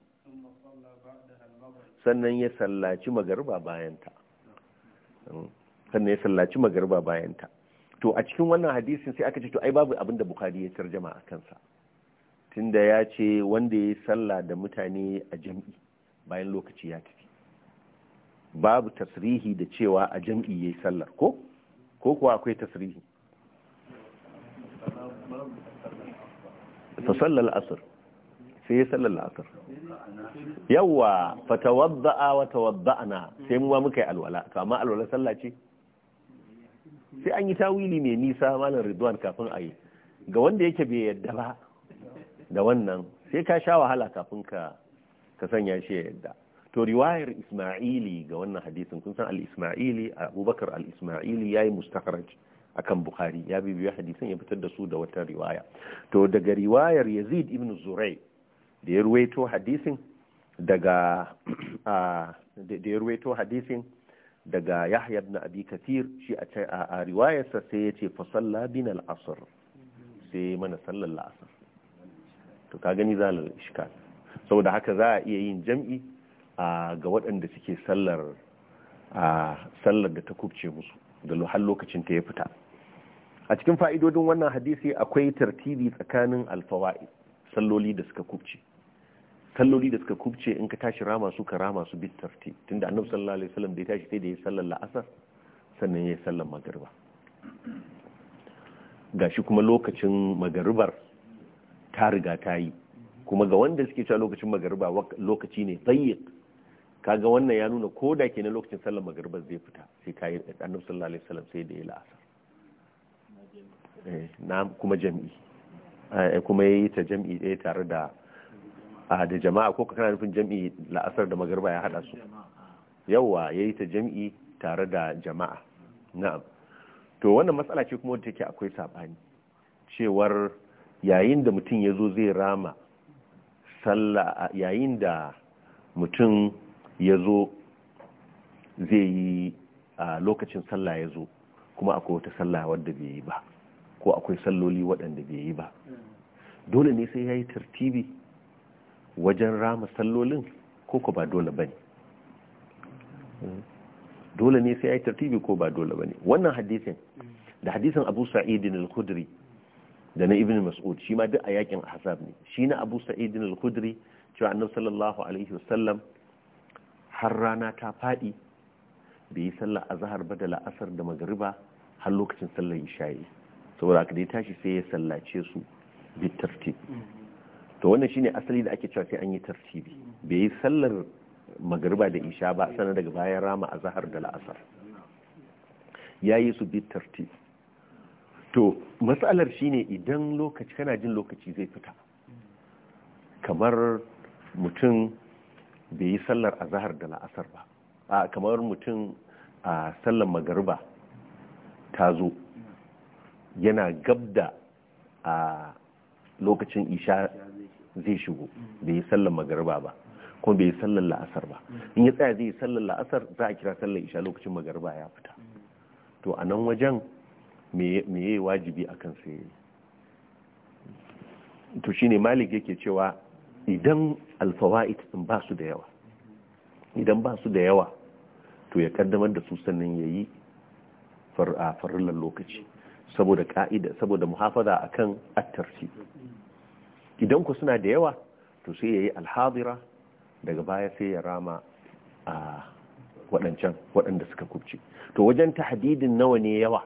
sannan ya sallaci magarba bayanta sannan ya sallaci magarba bayanta to a cikin wannan hadisin sai aka ce to ai babu abin da bukari ya tarjama a kansa tunda ya ce wanda ya yi da mutane a jam'i bayan lokaci ya tafi babu tasrihi da cewa a jam'i ya yi sallar ko ko kuwa akwai tasrihi fa sallal asr sai ya sallal asr yawa fa tawadda'a wa tawadda'na sai mu muka yi alwala to amma alwala sallah ce sai an yi tawili mai nisa malam ridwan kafin a yi ga wanda yake bai yadda ba da wannan sai ka sha wahala kafin ka ka sanya shi ya yadda to riwayar isma'ili ga wannan hadisin kun san al-isma'ili abubakar al-isma'ili yayi mustakhraj akan bukhari ya bibiyo hadisan ya fitar da su da wata riwaya to daga riwayar yazid ibn zurai da ya ruwaito hadisin daga da ya ruwaito hadisin daga yahya ibn abi kathir shi a a riwayarsa sai yace fa salla bin al asr sai mana sallar la'asar to ka gani za zalar ishkal saboda haka za a iya yin jam'i ga waɗanda suke sallar a sallar da ta kubce musu da har lokacin ta ya fita a cikin fa'idodin wannan hadisi akwai tartibi tsakanin alfawa'i salloli da suka kubce salloli da suka kubce in ka tashi rama su ka rama su bit tun tunda annabu sallallahu alaihi wasallam bai tashi sai da ya sallar la'asar sannan ya sallar magariba shi kuma lokacin magaribar ta riga ta yi kuma ga wanda suke cewa lokacin magariba lokaci ne tsayyik kaga wannan ya nuna ko da ke na lokacin sallar magaribar zai fita sai ka yi annabu sallallahu alaihi wasallam sai da ya la'asar Eh, na kuma jam'i eh, kuma yi ta jam'i ɗaya tare da da jama'a ko kana nufin jam'i la'asar da magarba ya hada su yawa yi ta jam'i tare da jama'a na'am to wannan matsala ce kuma wadda take akwai saɓani cewar yayin da mutum ya zo zai rama sallah yayin da mutum ya zo zai yi a lokacin sallah ya zo kuma akwai wata sallah wadda bai yi ba ko akwai salloli waɗanda bai yi ba dole ne sai ya yi tartibi wajen rama sallolin ko ko ba dole ba ne dole ne sai ya yi tartibi ko ba dole ba ne wannan hadisin da hadisin abu sa'idin al kudri da na ibn mas'ud shi ma duk a yakin hasab ne shi na abu sa'idin al kudri cewa annabi sallallahu alaihi wasallam har rana ta fadi bai yi sallar azhar ba da la'asar da magariba har lokacin sallar isha'i saboda haka dai tashi sai ya sallace su bi tartib to wannan shine asali da ake cewa sai an yi tartibi bai yi sallar magariba da isha ba sanar daga bayan rama a zahar da la'asar ya yi su bi tartib to matsalar shine idan lokaci kana jin lokaci zai fita kamar mutum bai yi sallar a zahar da la'asar ba a kamar mutum a sallar magariba ta zo yana gab da a lokacin isha zai shigo bai yi sallar magariba ba kuma bai yi sallar la'asar ba in ya tsaya zai yi sallar la'asar za a kira sallar isha lokacin magariba ya fita to a nan wajen me ya wajibi a kan sai to shine malik yake cewa idan alfawa'id sun ba su da yawa idan ba su da yawa to ya kaddamar da su sannan ya yayi far'illan lokaci saboda ka'ida saboda muhafaza akan kan attarci idan ku suna da yawa to sai yayi yi daga baya sai ya rama a waɗancan waɗanda suka kubce to wajen tahdidin nawa ne yawa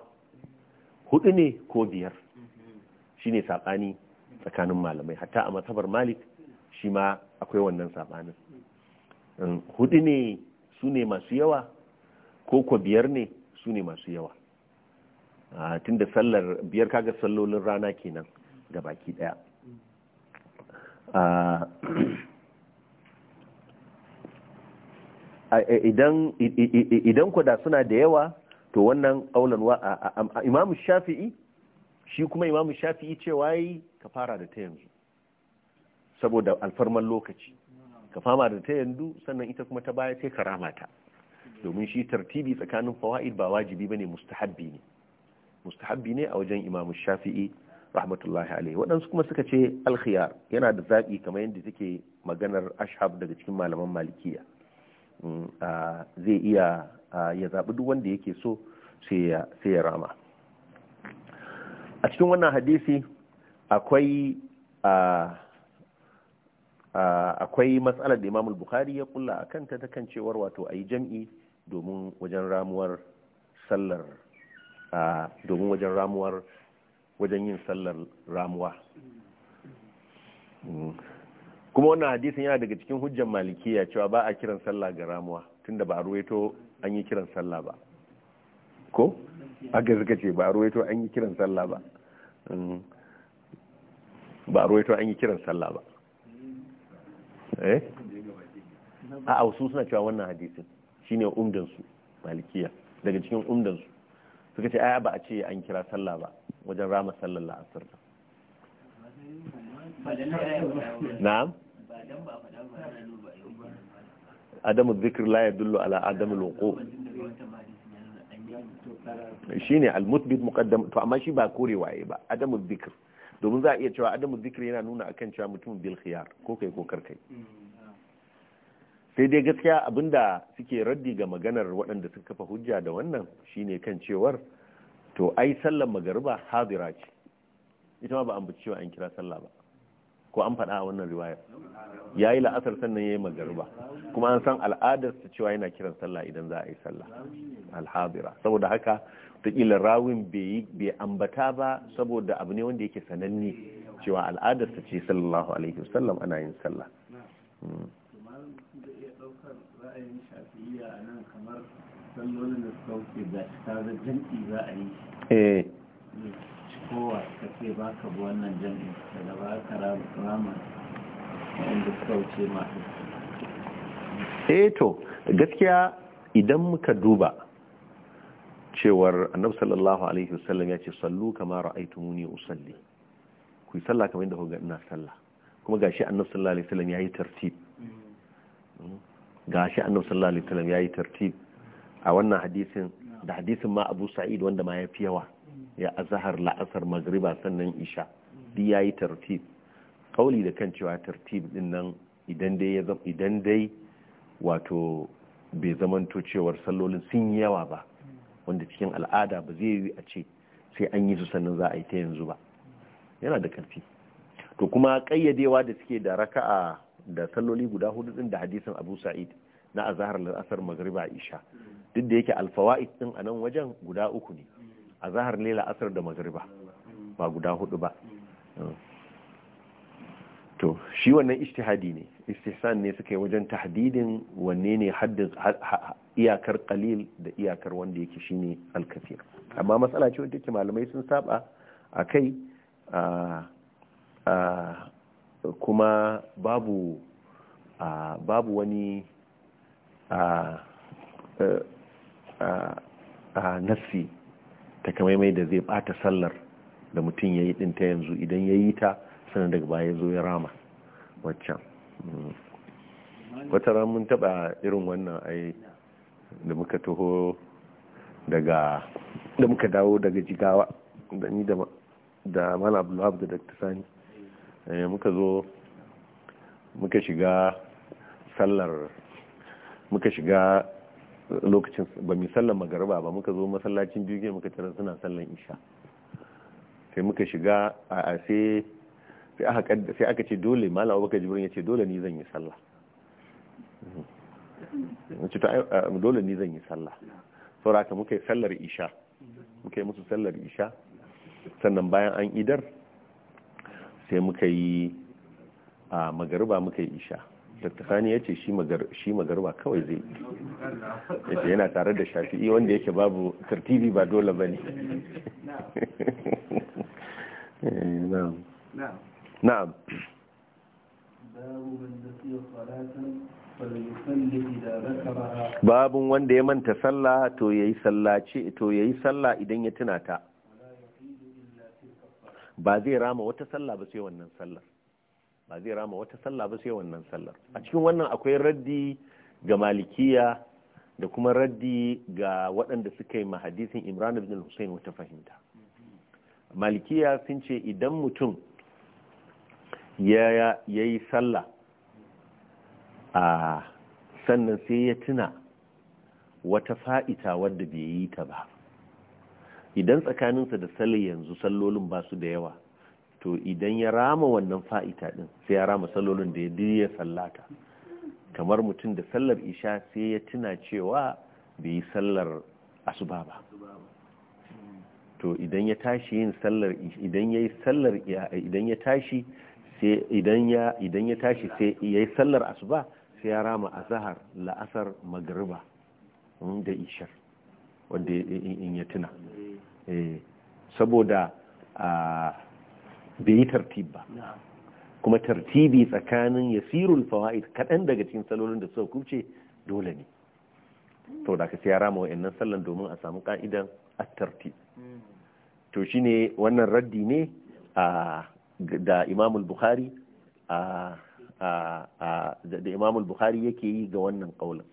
hudu ne ko biyar shine saɓani tsakanin malamai hatta a matsabar malik shi ma akwai wannan saɓanin hudu ne su ne masu yawa ko ko biyar ne su ne masu yawa tunda sallar biyar kaga sallolin rana kenan ga baki daya idan kwada suna da yawa to wannan aulan wa imamu shafi'i shi kuma imamu shafi'i cewa yi ka fara da ta yanzu saboda alfarman lokaci ka fama da ta yanzu sannan ita kuma ta baya sai ka rama domin shi tartibi tsakanin fawa'id ba wajibi bane mustahabbi ne mustahabbi ne a wajen imamu shafi'i rahmatullahi alaihi waɗansu kuma suka ce alkhiyar yana da zaɓi kamar yadda take maganar ashab daga cikin malaman malikiya mm, zai iya ya zaɓi duk wanda yake so sai ya rama a cikin wannan hadisi akwai akwai matsalar da imamul bukhari ya kulla a kanta ta kan cewar wato a yi jam'i domin wajen ramuwar sallar domin wajen ramuwar wajen yin sallar ramuwa mm. kuma wannan hadisin yana daga cikin hujjar malikiya cewa ba a kiran sallah ga ramuwa tunda ba a ruwaito an yi kiran sallah ba ko ga suka ce ba a ruwaito an yi kiran sallah ba mm. ba a ruwaito an yi kiran sallah ba eh a ausu suna cewa wannan hadisin shine umdansu malikiya daga cikin umdansu suka ce aya ba a ce an kira sallah ba wajen rama sallar la'asar ba adamu zikir la ya dullo ala adamu loko shi ne almutbid mukaddam to amma shi ba kore waye ba adamu zikir domin za a iya cewa adamu zikir yana nuna akan cewa mutum bil khiyar ko kai ko karkai sai dai gaskiya abinda suke raddi ga maganar waɗanda sun kafa hujja da wannan shine kan cewar to ai sallar magariba hazira ce ita ma ba an bici cewa an kira sallah ba ko an faɗa a wannan riwayar ya yi la'asar sannan ya yi magariba kuma an san al'adar su cewa yana kiran sallah idan za a yi sallah alhazira saboda haka ila rawin bai ambata ba saboda abu ne wanda yake sananni cewa al'adar su ce sallallahu alaihi wasallam ana yin sallah hmm. jiya nan kamar sallolin da suka wuce da shi ta jam'i za a yi shi eh. kowa ka ce ba ka bi wannan jam'i daga ba ka rama wanda suka wuce masu eh to gaskiya idan muka duba cewar annabi sallallahu alaihi wasallam ya ce sallu kama ra'aytumuni usalli ku yi sallah kamar yadda kuka ina sallah kuma gashi annabi sallallahu alaihi wasallam yayi tartib mm. Mm. ga shi annabi sallallahu alaihi wasallam yayi tartib a wannan hadisin da hadisin ma Abu Sa'id wanda ma yafi yawa ya azhar la'asar magriba sannan isha duk yayi tartib kauli da kan cewa tartib din nan idan dai ya idan dai wato bai zamanto cewar sallolin sun yi yawa ba wanda cikin al'ada ba zai yi a ce sai an yi su sannan za a yi ta yanzu ba yana da karfi to kuma kayyadewa da suke da raka'a da salloli guda hudu din da hadisin abu sa'id na azahar la'asar magriba isha duk da yake alfawa'id din a nan wajen guda uku ne azahar ne la'asar da magriba ba guda hudu ba to shi wannan ijtihadi ne istihsan ne suka yi wajen tahdidin wanne ne haddin iyakar qalil da iyakar wanda yake shine al-kathir amma matsala ce wanda take malamai sun saba akai a kuma babu a babu wani a a nassi takamaimai da zai bata sallar da mutum ya yi ta yanzu idan ya yi ta sanar daga baya zo ya rama waccan mm. wata ran mun taba irin wannan ai da muka taho daga da muka dawo daga jigawa da ni da mana abdullahi da dr sani Eh, muka zo muka shiga sallar muka shiga lokacin ba mai sallar magariba ba muka zo masallacin jirgin muka tara suna sallar isha sai muka shiga a sai sai aka ce dole malam baka jibirin ya ce dole ni zan yi sallah dole ni zan yi sallah saboda muka yi sallar isha muka yi musu sallar isha sannan bayan an idar sai muka yi a magariba muka yi isha dr sani ya ce shi magariba kawai zai yi yana tare da shafi'i wanda yake babu tartibi ba dole ba ne na'am babun wanda ya manta sallah to yayi yi sallah idan ya tunata. ta ba zai rama wata sallah ba sai wannan sallar ba zai rama wata sallah ba sai wannan sallar a cikin wannan akwai raddi ga malikiya da kuma raddi ga waɗanda suka yi mahadisin imran ibn hussein wata fahimta malikiya sun ce idan mutum ya yi sallah a sannan sai ya tuna wata fa'ita wadda bai yi ta ba idan tsakaninsa da sallar yanzu sallolin ba su da yawa to idan ya rama wannan fa'ita ɗin sai ya rama sallolin da ya ya sallata kamar mutum da sallar isha sai ya tuna cewa bai yi sallar asuba ba to idan ya tashi yin sallar idan ya yi sallar idan ya tashi idan ya tashi sai ya yi sallar asuba sai ya rama zahar la'asar magriba mm, da ishar wanda in ya tuna Eh, saboda bai yi tartib ba kuma tartibi tsakanin ya yasirul fawaid kaɗan daga cikin salolin da suka kuce dole ne to da ka siya rama wa'annan sallan domin a samu ka'idan at-tartib hmm. to shine wannan raddi ne da imamul bukhari da imamul bukhari yake yi ga wannan kaulin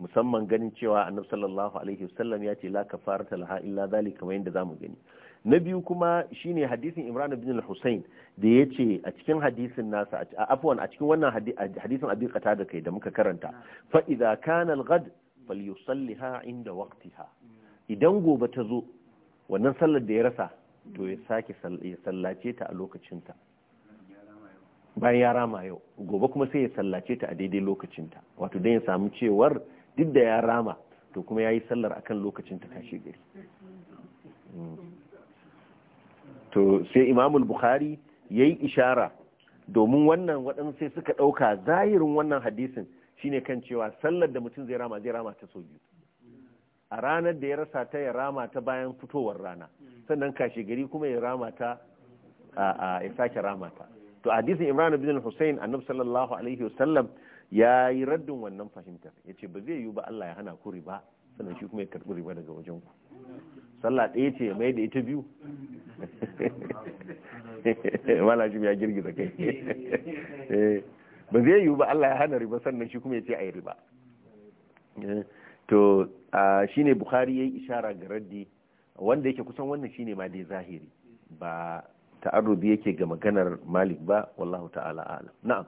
musamman ganin cewa annabi sallallahu alaihi wasallam ya ce la kafarata laha illa zalika kamar yadda zamu gani na biyu kuma shine hadisin Imran bin al-Husayn da yace a cikin hadisin nasa a afwan a cikin wannan hadisin Abi da kai da muka karanta fa idza kana al-ghad falyusalliha inda waqtiha idan gobe ta zo wannan sallar da ya rasa to ya sake sallace ta a lokacinta bayan ya rama yau gobe kuma sai ya sallace ta a daidai lokacinta wato dan ya samu cewar duk da ya rama to kuma ya yi sallar akan lokacin ta kashe gari mm. to sai imamul bukhari ya yi ishara domin wannan waɗansu suka ɗauka zahirin wannan hadisin shine kan cewa sallar da mutum zai rama zai rama ta sau biyu a ranar da ya rasa ta ya rama ta bayan fitowar rana sannan kashe gari kuma ya rama ta a ya sake rama ta to hadisin imran bin hussein annabi sallallahu alaihi wasallam ya yi raddin wannan fahimtar ya ce ba zai yi ba Allah ya hana ku riba sannan shi kuma ya karɓi riba daga wajen ku sallah ɗaya ce mai da ita biyu shi ya girgiza kai eh, ba zai yi ba Allah ya hana riba sannan shi kuma ya ce a yi riba eh, to shi ne bukhari ya yi ishara ga raddi wanda yake kusan wannan shi ne ma dai zahiri ba ta'arrubi yake ga maganar malik ba wallahu ta'ala alam na'am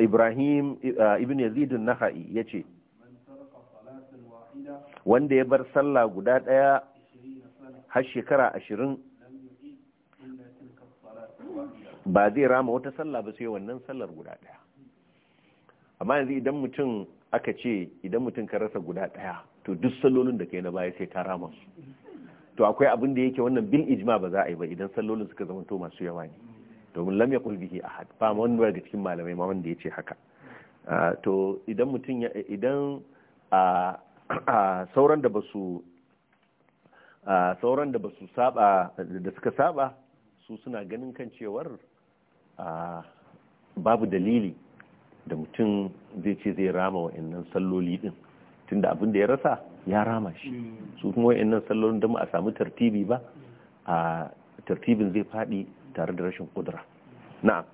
Ibrahim ibn Yazid an-Nakhai yace wanda ya bar sallah guda daya har shekara ashirin ba zai rama wata sallah ba sai wannan sallar guda daya amma yanzu idan mutum aka ce idan mutum ka rasa guda ɗaya to duk sallolin da kai na baya sai ta rama su to akwai abin da yake wannan bil ijma ba za a yi ba idan sallolin suka zama to masu yawa ne domin lam yaqul bihi ahad ba wani daga cikin malamai ma wanda ya ce haka ah, to idan mutum idan ah, ah, sauran da basu sauran da basu saba da suka saba su suna ganin kan cewar babu dalili da mutum zai ce zai rama wa'annan salloli din tunda abin da ya rasa ya rama shi hmm. su kuma wa'annan sallolin da mu a samu tartibi ba a tartibin zai faɗi tare da rashin kudura na'am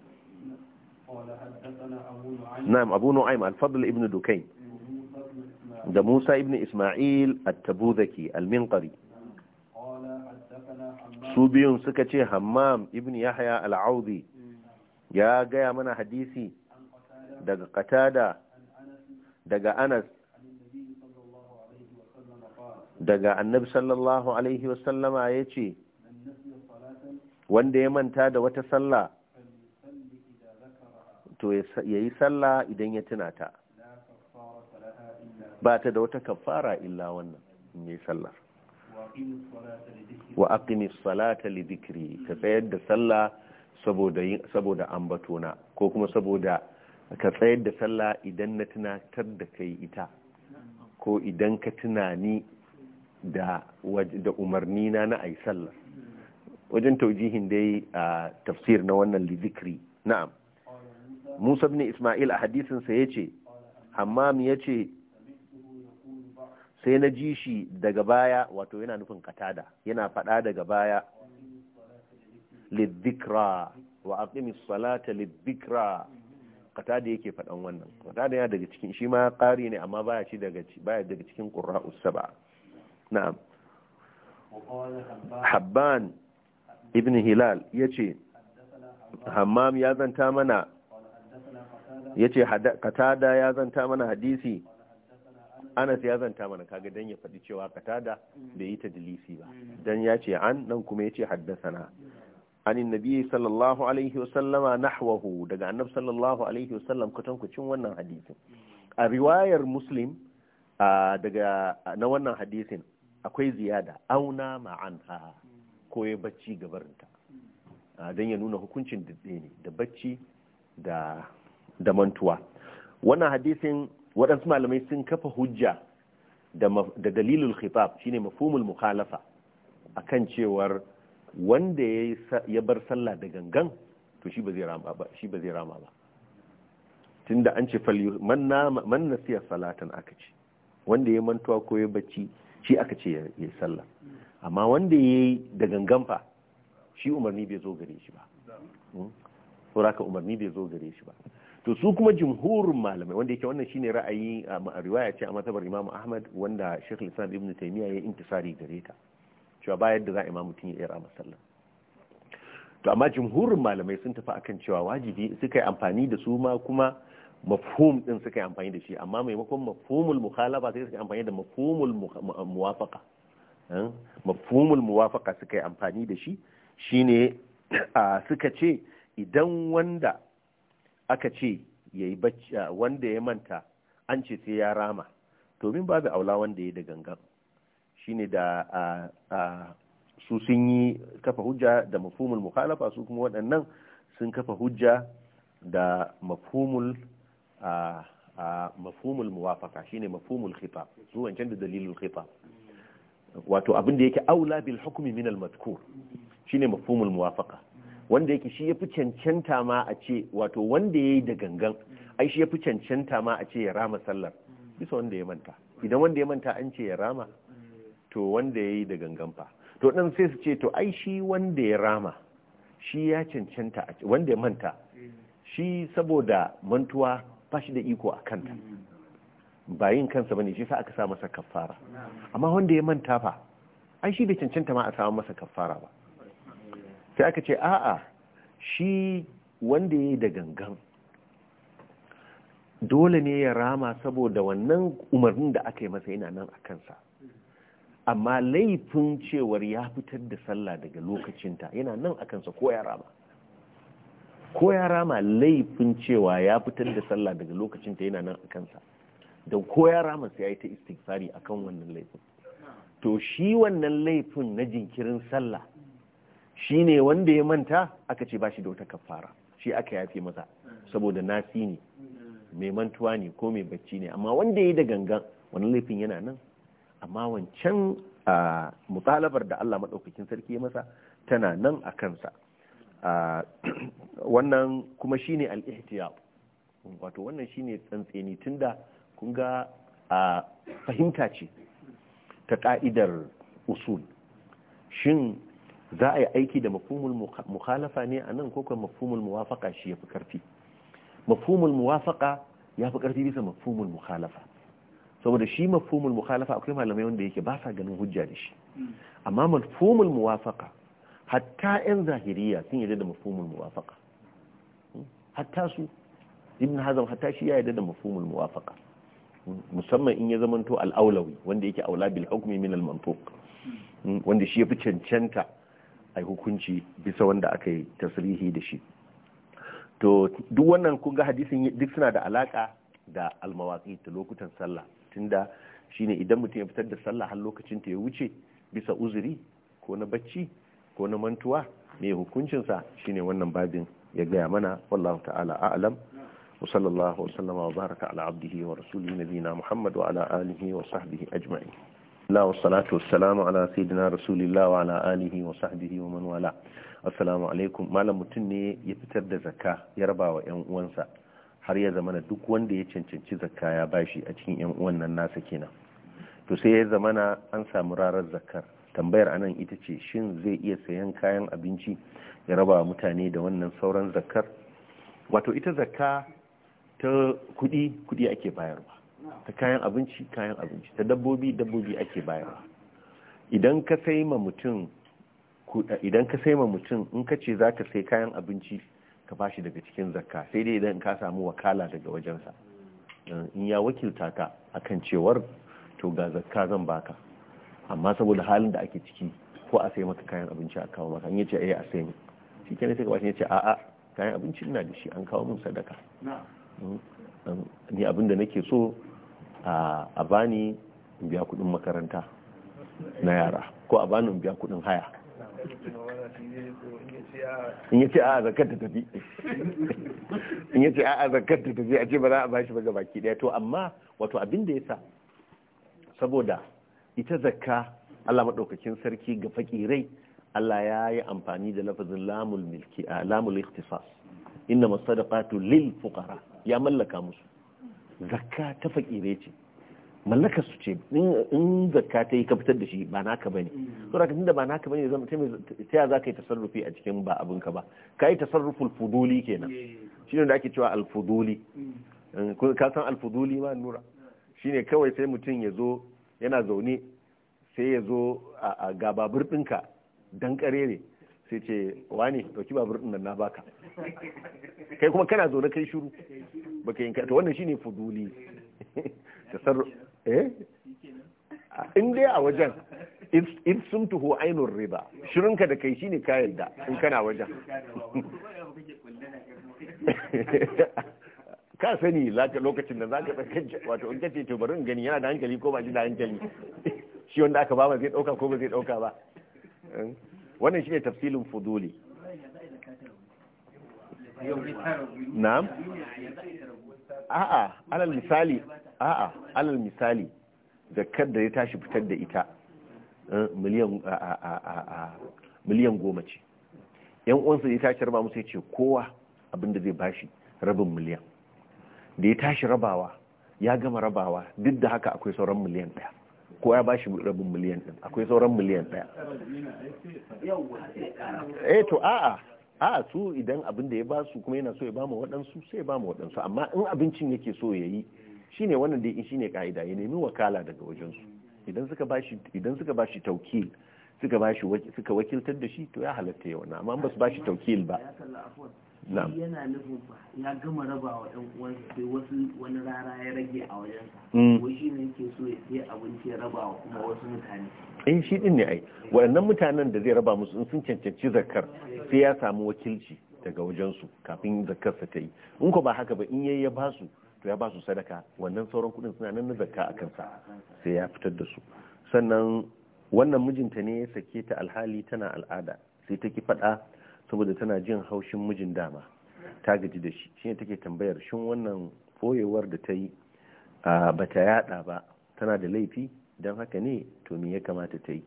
na'am abu nu'aym al-fadl ibn dukayn da Musa ibn Ismail at-Tabuzaki al-Minqari su biyun suka ce Hammam ibn Yahya al-Audi ya gaya mana hadisi daga Qatada daga Anas daga Annabi sallallahu alaihi wasallama yace wanda ya manta da wata sallah to ya yi sallah idan ya tuna ta ba ta da wata kafara illa wannan in yi sallah wa aqimis salata li dhikri ka tsayar da sallah saboda saboda ambatona ko kuma saboda ka tsayar da sallah idan na tunatar da kai ita ko idan ka tunani da da umarni na na ai sallah wajen taujihin da yi a tafsir na wannan lizikri na'am musa ibn isma'il a hadisinsa ya ce hammam ya ce sai na ji shi daga baya wato yana nufin katada yana faɗa daga baya lizikra wa aqimis salata lidhikra katada yake faɗan wannan katada yana daga cikin shi ma kari ne amma baya ci daga baya daga cikin qurra'us saba na'am habban ibn hilal ya ce hammam ya zanta mana ya ce katada ya zanta mana hadisi anas ya zanta mana kaga dan ya faɗi cewa katada bai yi ta dilisi ba dan ya ce an nan kuma ya ce haddasana anin nabi sallallahu alaihi wasallama nahwahu daga annab sallallahu alaihi wasallam kutankucin wannan hadisin a riwayar muslim daga na wannan hadisin akwai ziyada auna ma'anha ko ya bacci gabarinta ah, don ya nuna hukuncin da ne da bacci da mantuwa wannan hadisin waɗansu malamai sun kafa hujja da dalilul khitab shine mafhumul mukhalafa akan cewar wanda ya bar sallah da gangan to shi ba zai rama ba tun da an ce man na siya salatan aka ce wanda ya mantuwa ko ya bacci shi aka ce ya sallah amma wanda ya yi da ganganfa shi umarni bai zo gare shi ba hmm? sauraka umarni bai zo gare shi ba to su kuma jimhurin malamai wanda yake wannan shine ra'ayi um, a riwaya ce a matabar Imam Ahmad wanda Sheikh Islam Ibn Taymiyyah ya intisari gare ta cewa ba yadda za a imamu tun ya yara masallan to amma jumhurin malamai sun tafi akan cewa wajibi suka yi amfani da su ma kuma mafhum din suka yi amfani da shi amma maimakon mafhumul mukhalafa sai suka yi amfani da mafhumul muwafaqa Eh, mafhumul muwafaka suka yi amfani da shi shine suka ce idan wanda aka ce yayi bacci wanda ya manta an ce sai ya rama domin babu aula wanda ya da gangan shine da su sun yi kafa hujja da mafhumul mukhalafa su kuma waɗannan sun kafa hujja da mafhumul mafhumul muwafaka shine mafhumul khitab su wancan da dalilul khitab wato abin da yake aula bil hukmi min al madhkur shine mafhumul muwafaqa wanda yake shi yafi cancanta ma a ce wato wanda yayi da gangan ai shi yafi cancanta ma a ce ya rama sallar bisa wanda ya manta idan wanda ya manta an ce ya rama to wanda yayi da gangan fa to dan sai su ce to ai shi wanda ya rama shi ya cancanta wanda ya manta shi saboda mantuwa ba shi da iko a kanta bayin kansa bane shi sa aka sa masa kafara amma wanda ya manta fa ai shi bai cancanta ma a samu masa kafara ba sai aka ce a'a shi wanda ya yi da gangan dole ne ya rama saboda wannan umarnin da aka yi masa yana nan a kansa amma laifin cewar ya fitar da sallah daga lokacinta yana nan a kansa ko ya rama ko ya rama laifin cewa ya fitar da sallah daga lokacinta yana nan a kansa da ko yara masu ya yi ta istighfari a kan wannan laifin to shi wannan laifin na jinkirin sallah shi ne wanda ya manta aka ce ba shi da wata kafara shi aka yafe masa saboda nasi ne mai mantuwa ne ko mai bacci ne amma wanda ya yi da gangan wannan laifin yana nan amma wancan mutalabar da Allah maɗaukakin sarki ya masa tana nan a kansa wannan kuma shine al-ihtiyab wato wannan shine tsantseni tunda kun ga a fahimta ce ta ka'idar usul shin za a yi aiki da mafumul mukhalafa ne a nan kokon mafumul muwafaka shi ya fi karfi mafumul muwafaka ya fi karfi bisa mafumul mukhalafa saboda shi mafumul mukhalafa akwai malamai wanda yake ba sa ganin hujja da shi amma mafumul muwafaka hatta yan zahiriya sun yarda da mafumul muwafaka hatta su ibn hazam hatta shi ya yarda da mafumul muwafaka musamman in ya zamanto al'aulawi wanda yake aula bil hukmi min al mantuq mm, wanda shi yafi cancanta ai hukunci bisa wanda aka yi tasrihi da shi to duk wannan kun ga hadisin duk suna da alaka da al ta lokutan sallah tunda shine idan mutum ya fitar da sallah har lokacin ta ya wuce bisa uzuri ko na bacci ko na mantuwa mai hukuncinsa shine wannan babin ya gaya mana wallahu ta'ala a'lam وصلى الله وسلم وبارك على عبده ورسوله نبينا محمد وعلى آله وصحبه أجمعين لا والصلاة والسلام على سيدنا رسول الله وعلى آله وصحبه ومن والاه السلام عليكم ما لم ne ya fitar da وإن وانسا har ya zamana duk wanda ya cancanci zakka ya bashi a cikin 'yan wannan nasa kenan to sai ya zamana an samu rarar zakkar tambayar anan ita ce shin zai iya sayan kayan abinci ya raba mutane da wannan sauran zakkar wato ita zakka ta kudi kudi ake bayarwa ta kayan abinci kayan abinci ta dabbobi dabbobi ake bayarwa idan ka sai ma mutum idan ka sai ma mutum in ka ce za ka sai kayan abinci ka bashi daga cikin zakka sai dai idan ka samu wakala daga wajensa in ya wakilta ka akan cewar to ga zakka zan baka amma saboda halin da ake ciki ko a sai maka kayan abinci a kawo maka in yace eh a sai ni shi kenan sai ka bashi yace a'a kayan abinci ina da shi an kawo min sadaka ni abinda nake so a bani biya kudin makaranta na yara ko a bani biya kudin haya in yace a zakar ta tafi in yace a zakar ta tafi a ce ba za a bashi ba gabaki daya to amma wato abin da yasa saboda ita zakka Allah madaukakin sarki ga fakirai Allah ya yi amfani da lafazin lamul milki lamul ikhtisas inna masadaqatu lil fuqara ya mallaka musu zakka ta fakire ce Mallakarsu su ce in zakka ta yi ka fitar da shi ba naka bane to mm. da tunda ba naka bane zama ta za zaka yi tasarrufi a cikin ba ka ba kai tasarruful fuduli kenan shine da ake cewa alfuduli mm. eh, ka san alfuduli ma nura shine kawai sai mutum ya zo yana zaune sai ya zo a gababur ɗinka dan karere sai ce wani dauki babur din nan na baka kai kuma kana zo na kai shiru baka yin to wannan shine fuduli sar eh in dai a wajen in sun tuho ainihin riba shirinka da kai shine ka yarda in kana wajen ka sani lokacin da za ka tsakance wato in kace to bari in gani yana da hankali ko ba shi da hankali shi wanda aka ba ba zai dauka ko ba zai dauka ba eh? wannan shine tafsilin fuduli na'am a'a alal misali a'a alal misali zakkar da ya tashi fitar da ita eh, miliyan goma ce yan uwansa ya tashi raba musu ya ce kowa abinda zai bashi rabin miliyan da ya tashi rabawa ya gama rabawa duk da haka akwai sauran miliyan ɗaya ko ya bashi rabin miliyan din akwai sauran miliyan daya eh to a'a a su idan abin da ya ba su kuma yana so ya ba mu waɗansu sai ya ba mu waɗansu amma in abincin yake so ya yi shine wannan dai shine ka'ida ya nemi wakala daga wajensu idan suka bashi idan suka bashi tawkil suka bashi suka wakiltar da shi to ya halatta ya wannan amma ba su bashi tawkil ba yana nufin ya gama raba wa ɗan uwansa wani rara ya rage a wajensa mm. ko shi ne ke so ya abinci ya raba wa wasu mutane in eh, shi din ne ai waɗannan mutanen da zai raba musu in sun cancanci zakar sai ya samu wakilci daga wajensu kafin zakarsa ta yi in ko ba haka ba in yayi ya basu to ya basu sadaka wannan sauran kuɗin suna nan na zakka a kansa sai ya fitar da su sannan wannan mijinta ne ya sake ta alhali tana al'ada sai ta ki faɗa saboda tana jin haushin mijin dama ta gaji da shi shine take tambayar shin wannan foyewar da ta yi ba ta yada ba tana da laifi don haka ne to me ya kamata ta yi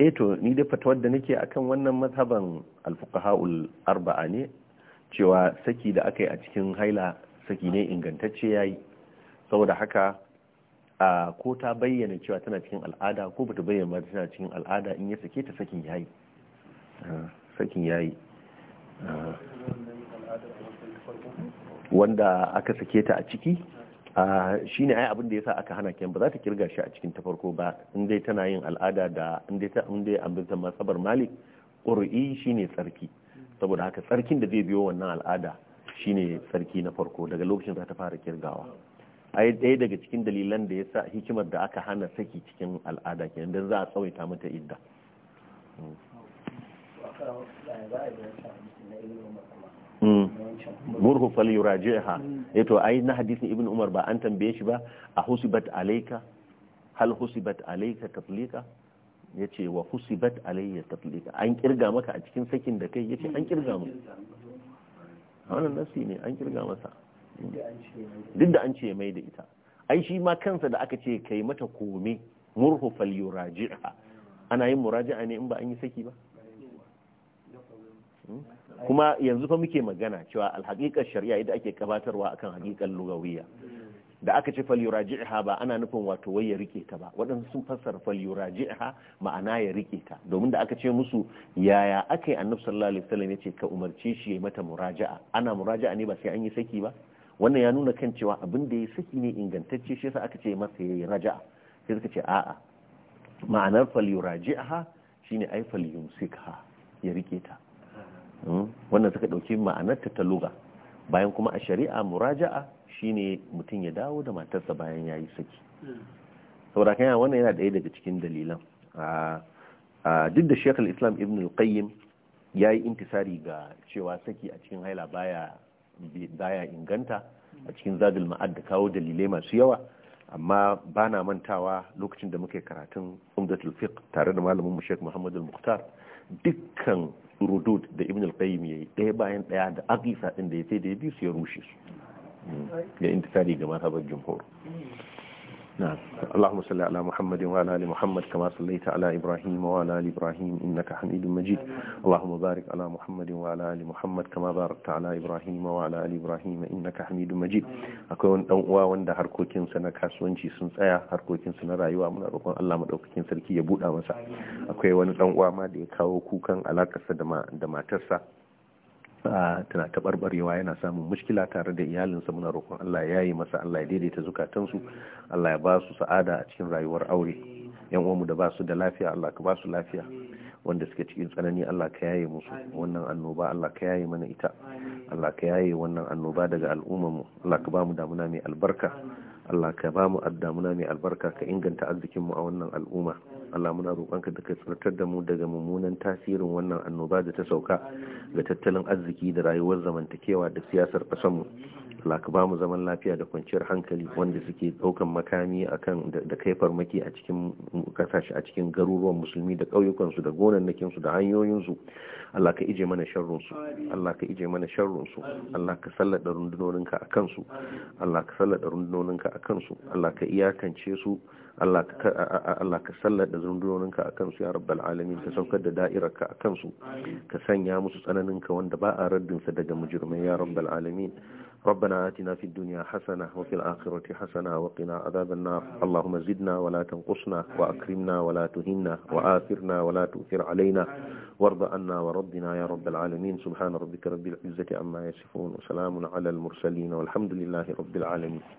e to ni da fatawar da nake akan wannan mazhaban alfuqaha'ul arba'a ne cewa saki da aka yi a cikin haila saki ne ingantacce yayi saboda haka a ko ta bayyana cewa tana cikin al'ada ko bata bayyana ba tana cikin al'ada in ya sake ta sakin yayi ah. sakin yayi wanda aka sake ta a ciki shi ne ai abin da ya sa aka hana kyan ba za ta kirga shi a cikin ta farko ba dai tana yin al'ada da inda ta inda abin zama sabar malik ƙuri'i shi ne tsarki saboda haka tsarkin da zai biyo wannan al'ada shi ne tsarki na farko daga lokacin za ta fara kirgawa ai daya daga cikin dalilan da ya sa hikimar da aka hana saki cikin al'ada kenan don za a tsawaita mata idda hmm. Hmm. murhu fal yuraji'ha hmm. yato ai na hadisin ibn umar ba an tambaye shi ba a husibat alayka hal husibat alayka tatlika yace wa husibat alayya tatlika an kirga maka a cikin sakin da kai yace an kirga mu wannan nasi ne an kirga masa duk da an ce mai da ita ai shi ma kansa da aka ce kai mata kome murhu fal yuraji'ha ana yin muraji'a ne in ba an yi saki ba kuma yanzu fa muke magana cewa alhaƙiƙar shari'a idan ake kabatarwa akan haƙiƙar lugawiya da aka ce falyuraji'ha ba ana nufin wato wai ya rike ta ba waɗansu sun fassara falyuraji'ha ma'ana ya rike ta domin da aka ce musu yaya aka yi annabi sallallahu alaihi wasallam ya ce ka umarce shi ya mata muraja'a ana muraja'a ne ba sai an yi saki ba wannan ya nuna kan cewa abin da ya saki ne ingantacce shi yasa aka ce masa ya yi raja'a sai suka ce a'a ma'anar falyuraji'ha shine ai falyumsikha ya rike ta Hmm? wannan suka ɗauki ma'anar ta taluga bayan kuma a shari'a muraja'a shine mutum ya dawo da matarsa bayan ya yi saki saboda kan yana wannan yana ɗaya daga cikin dalilan duk da shekul islam ibn al ya yi intisari ga cewa saki a cikin haila baya inganta a cikin zadul ma'ad da kawo dalilai masu yawa amma ba na mantawa lokacin da muke karatun umdatul fiqh tare da malamin mu shek muhammadul al mukhtar dukkan rudud da ibn al-qayyim yi ɗaya bayan ɗaya da aqisa ɗin da ya sai da ya bi su ya rushe su hmm. ya intisari ga mazhabar jumhur اللهم صل على محمد وعلى ال محمد كما صليت على ابراهيم وعلى ال ابراهيم انك حميد مجيد اللهم بارك على محمد وعلى ال محمد كما باركت على ابراهيم وعلى ال ابراهيم انك حميد مجيد akwai wani dan uwa wanda harkokin sa na kasuwanci sun tsaya harkokin sa na rayuwa muna roƙon Allah madaukakin sarki ya buɗa masa akwai wani dan uwa ma da ya kawo kukan alakarsa da matarsa tana taɓarɓarewa yana samun mushkila tare da iyalinsa muna roƙon Allah ya yi masa Allah ya daidaita zukatansu Allah ya ba su sa'ada a cikin rayuwar aure yan uwanmu da ba su da lafiya Allah ka ba su lafiya wanda suke cikin tsanani Allah ka yaye musu wannan annoba Allah ka yaye mana ita Allah ka yaye wannan annoba daga al'ummarmu Allah ka ba mu damuna mai albarka Allah ka ba mu damuna mai albarka ka inganta arzikinmu a wannan al'umma Allah muna roƙonka da ka tsirtar da mu daga mummunan tasirin wannan annoba da ta sauka ga tattalin arziki da rayuwar zamantakewa da siyasar ƙasarmu Allah ka bamu zaman lafiya da kwanciyar hankali wanda suke ɗaukan makami akan da kai farmaki a cikin kasashe a cikin garuruwan musulmi da ƙauyukansu da su da hanyoyinsu Allah ka ije mana sharrunsu Allah ka ije mana sharrunsu Allah ka sallada rundunoninka a kansu Allah ka sallada rundunoninka a kansu Allah ka iyakance su Allah ka sallada zundurorinka a kansu ya rabbal alamin ka saukar da da'irarka a kansu ka sanya musu tsananinka wanda ba a raddinsa daga mujirmai ya rabbal alamin ربنا آتنا في الدنيا حسنة وفي الآخرة حسنة وقنا عذاب النار اللهم زدنا ولا تنقصنا وأكرمنا ولا تهنا وآثرنا ولا تؤثر علينا وارض عنا وربنا يا رب العالمين سبحان ربك رب العزة عما يصفون وسلام على المرسلين والحمد لله رب العالمين